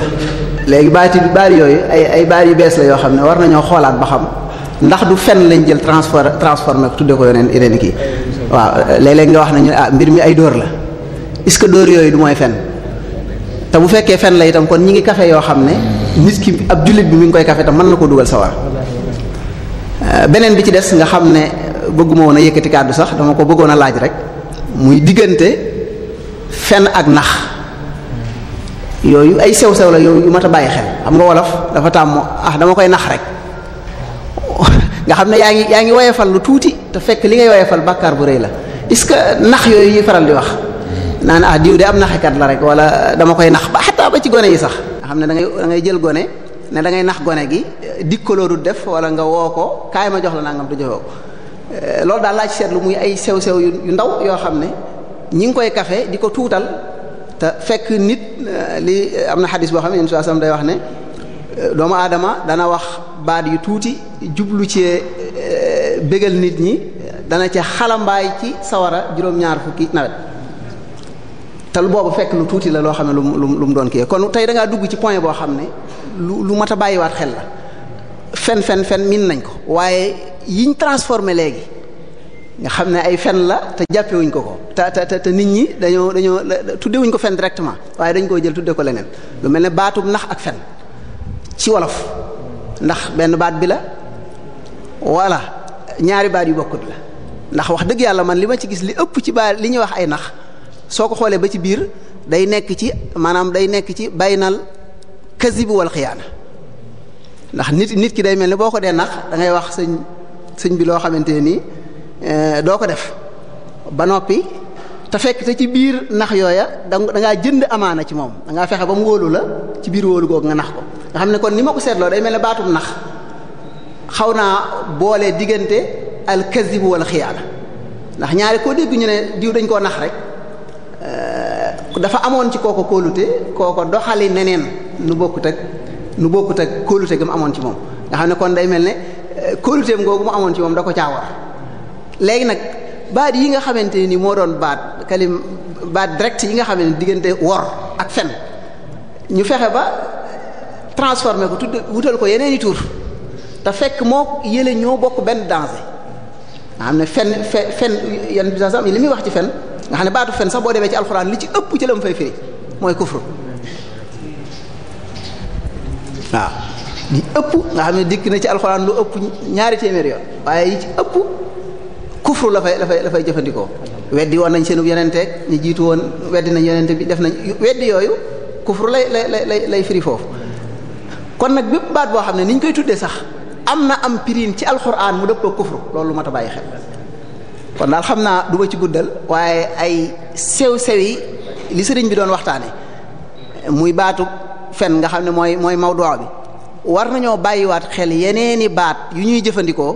léegi baati baat yooyu ay ay baat yu bees la yoo xam ne war nañoo xoolaat ba xam ndax du fenn lañ jël transfor transformé ko tudde ko yeneen yeneen kii waaw léeg nga wax nañu ah mbir mi ay dóor la est-ce que dóor yooyu du mooy fen te bu fekkee fenn la itam kon ñi ngi kafe yoo xam ne nit ki ab jullit bi mi ngi koy kafe tam mën na ko dugal sa war euh, beneen bi ci des nga xam ne bëgguma woon a yëkkati kàddu sax dama ko bëggoon a laaj rek muy diggante fenn ak nax yooyu ay sew sew la yooyu yu mat a bàyyi xel xam nga wolof dafa tàmm ah dama koy nax rek nga xam ne yaa ngi yaa ngi woyefal lu tuuti te fekk li ngay woyefal bàkkaar bu rëy la est-ce que nax yooyu ñuy faral di wax naan ah diw de am naxekat la rek wala dama koy nax ba xataa ba ci gone yi sax nga xam ne da ngay da ngay jël gone ne da ngay nax gone gi dikkaloo du def wala nga woo ko kaay ma jox la nangam du joxoo ko eh, loolu daal laa ci seetlu muy ay sew sew yu ndaw yoo xam ne ñi ngi koy kafe di ko tuutal. te fekk nit euh, li euh, am na xadis boo xam ne yéen day wax ne euh, doomu aadama dana wax baat yu tuuti jublu ci bégal nit ñi dana cee xalambaay ci sawara juróom-ñaar fukki nawet te lu boobu fekk lu tuuti la loo xam ne lu mu lu mu doon kii kon tey da dugg ci point boo xam ne lu lu mat a bàyyiwaat xel la fen fen fen min nañ ko waaye yiñ transformé léegi nga xam ne ay fen la te jàppewuñ ko ko ta te nit ñi dañoo dañoo tuddewuñ ko fen directement waaye dañ koo jël tudde ko leneen lu mel ne baatub nax ak fen ci wolof ndax benn baat bi la walla ñaari baat yu bokkut la ndax wax dëgg yàlla man li ma ci gis li ëpp ci baat li ñuy wax ay nax soo ko xoolee ba ci biir day nekk ci maanaam day nekk ci baynal kasib wal xiyaana ndax nit nit ki day mel ni boo ko dee nax dangay wax sëñ sëñ bi loo xamante nii eh, doo ko def ba noppi te fekk te ci biir nax yooya da ngaa jënd amaana ci moom da fexe ba mu wóolu la ci biir wóolu googu nga nax ko nga xam ne kon ni ma ko seetloo day mel ne baatum nax xaw naa boole diggante al kazibu wal xiyaana ndax ñaari koo dégg ñu ne diw dañ koo nax rek eh, dafa amoon ci kooko kóolute kooko doxali neneen nu bokkut ak nu bokkut ak kóolute ga mu amoon ci moom nga xam ne kon day mel ne eh, kóoluteem googu mu amoon ci moom da ko caawar léegi nag baat yi nga xamante ni moo doon baat kalim baat direct yi nga xam ne diggante wor ak fen ñu fexe ba transformé ko tudd wutal ko yeneen i tur te fekk moo yële ñoo bokk benn danger nga xam ne fen fe fen yan bi sax li muy wax ci fen nga xam ne baatu fen sax boo demee ci alxuraan li ci ëpp ci mu fay firi mooy kufru waaw li ëpp nga xam ne dikk na ci alxuraan lu ëpp ñaari téeméer yoon waaye yi ci ëpp kufru la fay la fay la fay jëfandikoo weddi woon nañ seenu yonente ñu jiitu woon weddi nañ yonente bi def nañ weddi yooyu kufru lay lay lay lay firi foofu kon nag bépp baat boo xam ne ni ñu koy tuddee sax am na am pirin ci alxuraan mu dëppoo kufru loolu lu mat bàyyi xel kon daal xam naa duma ci guddal waaye ay sew-sew yi li sëriñ bi doon waxtaane muy baatu fen nga xam ne mooy mooy mawdu bi war nañoo bàyyiwaat xel yeneeni baat yu ñuy jëfandikoo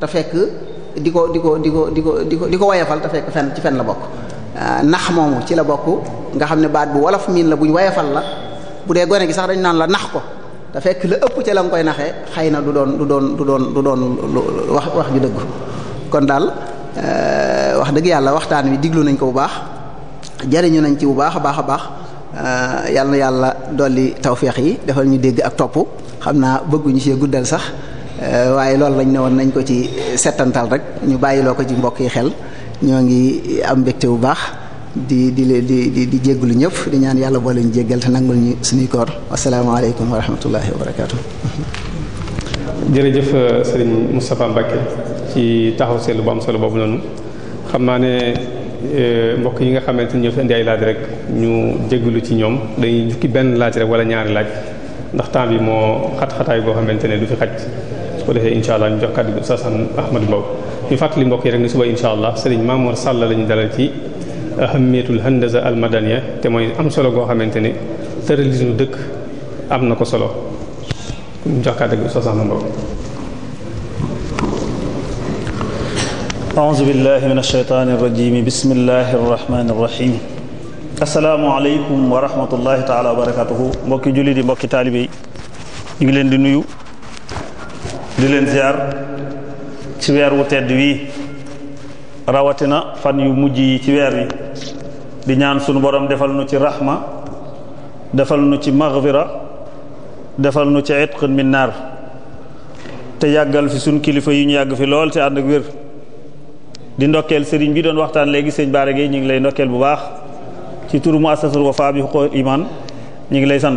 te fek di ko di ko di ko di ko di ko di ko wayafal te fekk fen ci fen la bokk ah, nax moomu ci la bokk nga xam ne baat bu wolof miin la buñ wayafal la bu dee gone gi sax dañu naan la nax ko te fekk la ëpp ca la nga koy naxee xëy na du doon du doon du doon du doon wax wax ju dëgg kon daal eh, wax dëgg yàlla waxtaan wi diglu nañ ko bu baax jariñu nañ ci bu baax a baax a baax eh, yàlla na yàlla dolli tawféex yi defal ñu dégg ak topp xam naa bëgguñu see guddal sax Euh, waaye loolu lañ ne woon nañ ko ci settantal rek ñu bàyyiloo ko ci mbokk yi xel ñoo ngi am mbégte bu baax di di di di di jéggalu ñëpp di ñaan yàlla boo leen jéggal ñu suñuy koor asalaamaaleykum wa rahmatullahi wa barakaatu. jërëjëf euh, sëriñ Moustapha ci taxaw seetlu bu am solo boobu noonu xam naa ne euh, mbokk yi nga xamante ni ñoo fi indi ay laaj rek ñu jéggalu ci ñoom dañuy jukki benn laaj rek wala ñaari laaj ndax temps moo xat-xataay boo xamante ne du fi xaj. ko defee incha allah ñu jox kàddu gi Oustaz Ahmadou ñu fàttali mbokk yi rek ni suba incha allah sëriñ Mamour Sall lañu dalal ci ahamiyatul handaza al te mooy am solo goo xamante ne tëralisnu dëkk am na ko solo ñu jox kàddu gi Oustaz Ahmadou ñu ngi leen di nuyu di leen ziar ci weer wu tedd wii rawatina fan yu mujj yi ci weer wi di ñaan sunu borom defal nu ci rahma defal nu ci maghfira defal nu ci itqun min naar te yàggal fi sunu kilifa yi ñu yàgg fi lool ci ànd wér di ndokkeel sëriñ bi doon waxtaan léegi sëñ Bara Gueye ñu ngi lay ndokkeel bu baax ci turu muassasatul Wafa bi ko iman ñu ngi lay sant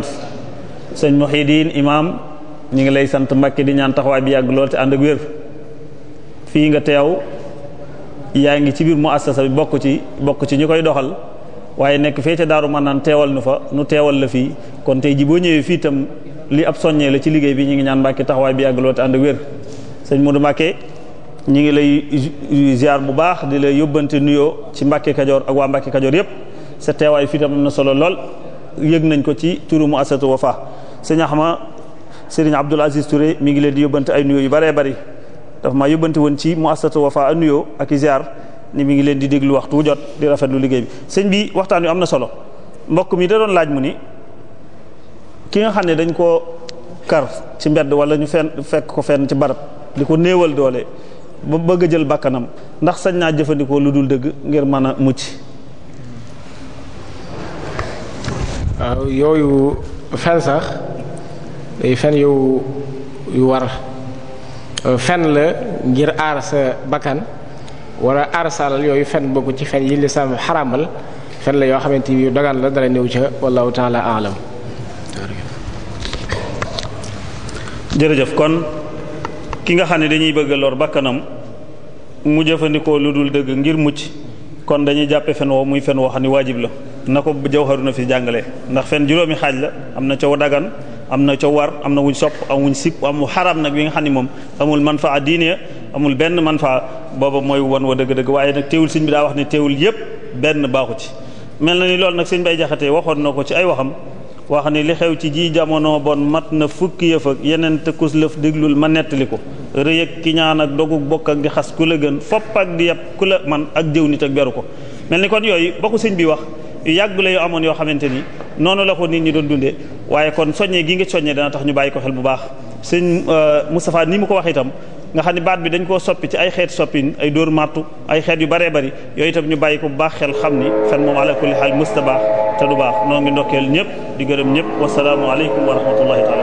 sëñ Muhiddin imam ñu ngi lay sant Mbàkke di ñaan taxawaay bi yàgg lool te ànd ak wér fii nga teew yaa ngi ci biir mu bi bokk ci bokk ci ñu koy doxal waaye nekk fee ca Daaru Manaan teewal nu fa nu teewal la fii kon tey ji boo ñëwee fii itam li ab soññee la ci liggéey bi ñu ngi ñaan Mbàkke taxawaay bi yàgg lool te ànd ak wér sëñ Modou Mbàkke ñu ngi lay ziar bu baax di lay yóbbante nuyoo ci Mbàkke Kajoor ak waa Mbàkke Kajoor yëpp sa teewaay fii itam am na solo lool yëg nañ ko ci turu muassasatu Serigne Abdoul Aziz Touré mi ngi leen di yóbbante ay nuyoo yu baree bari dafa maa yóbbante woon ci muassasatul Wafa a nuyoo ak i ni mi ngi leen di déglu waxtu wu jot di rafetlu liggéey bi sëñ bii waxtaan wi am na solo mbokk mi da doon laaj mu ni ki nga xam ne dañ koo kar ci mbedd wala ñu fenn fekk ko fenn ci barab di ko néewal doole ba bëgg a jël bakkanam ndax sañ naa jëfandikoo lu dul dëgg ngir mën a mucc. yooyu fen sax. day fen yu yu war euh, fen la ngir aar sa bakkan walla aar sa alal yooyu fen bokk ci fen yi lislaam xaraamal fen la yoo xamante ni yu dagan la dara néew ca wallahu taala alam jërëjëf kon ki nga xam ne dañuy bëgg lor bakkanam mu jëfandikoo lu dul dëgg ngir mucc kon dañuy jàppe fen woo muy fen woo xam ne waajib la na ko jawharuna fi jàngale ndax fen juróomi xaaj la am na ca dagan am na ca war am na wuñ sopp am wuñ sip am xaram nag bi nga xam ne moom amul manfaa diine amul benn manfaa booba mooy wan wa dëgg-dëgg waaye nag teewul sëñ bi daa wax ne teewul yépp benn baaxu ci mel na ni loolu nag sëñ bay jaxatee waxoon na ko ci ay waxam wax ni li xew ci ji jamono bon mat na fukki yëf ak yeneen te kus lëf déglul ma nettali ko rëy ak ki ñaan ak dogu bokk ak di xas ku la gën fopp ak di yàpp ku la man ak jëw nit ak beru ko mel kon yooyu ba ko bi wax yu yàgg la yu amoon yoo xamante ni noonu la ko nit ñi doon dundee waaye kon soññee gi nga soññee dana tax ñu bàyyi ko xel bu baax sëñ euh, Moustapha ni mu ko wax itam nga xam ne baat bi dañ koo soppi ci ay xeet soppin ay dóor màttu ay xeet yu baree bari yooyu tam ñu bàyyi ko bu baax xel xam ni fen moom ala kulli xaal mësta baax te du baax noo ngi ndokkeel ñëpp di gërëm ñëpp wasalaamu aleykum wa rahmatullahi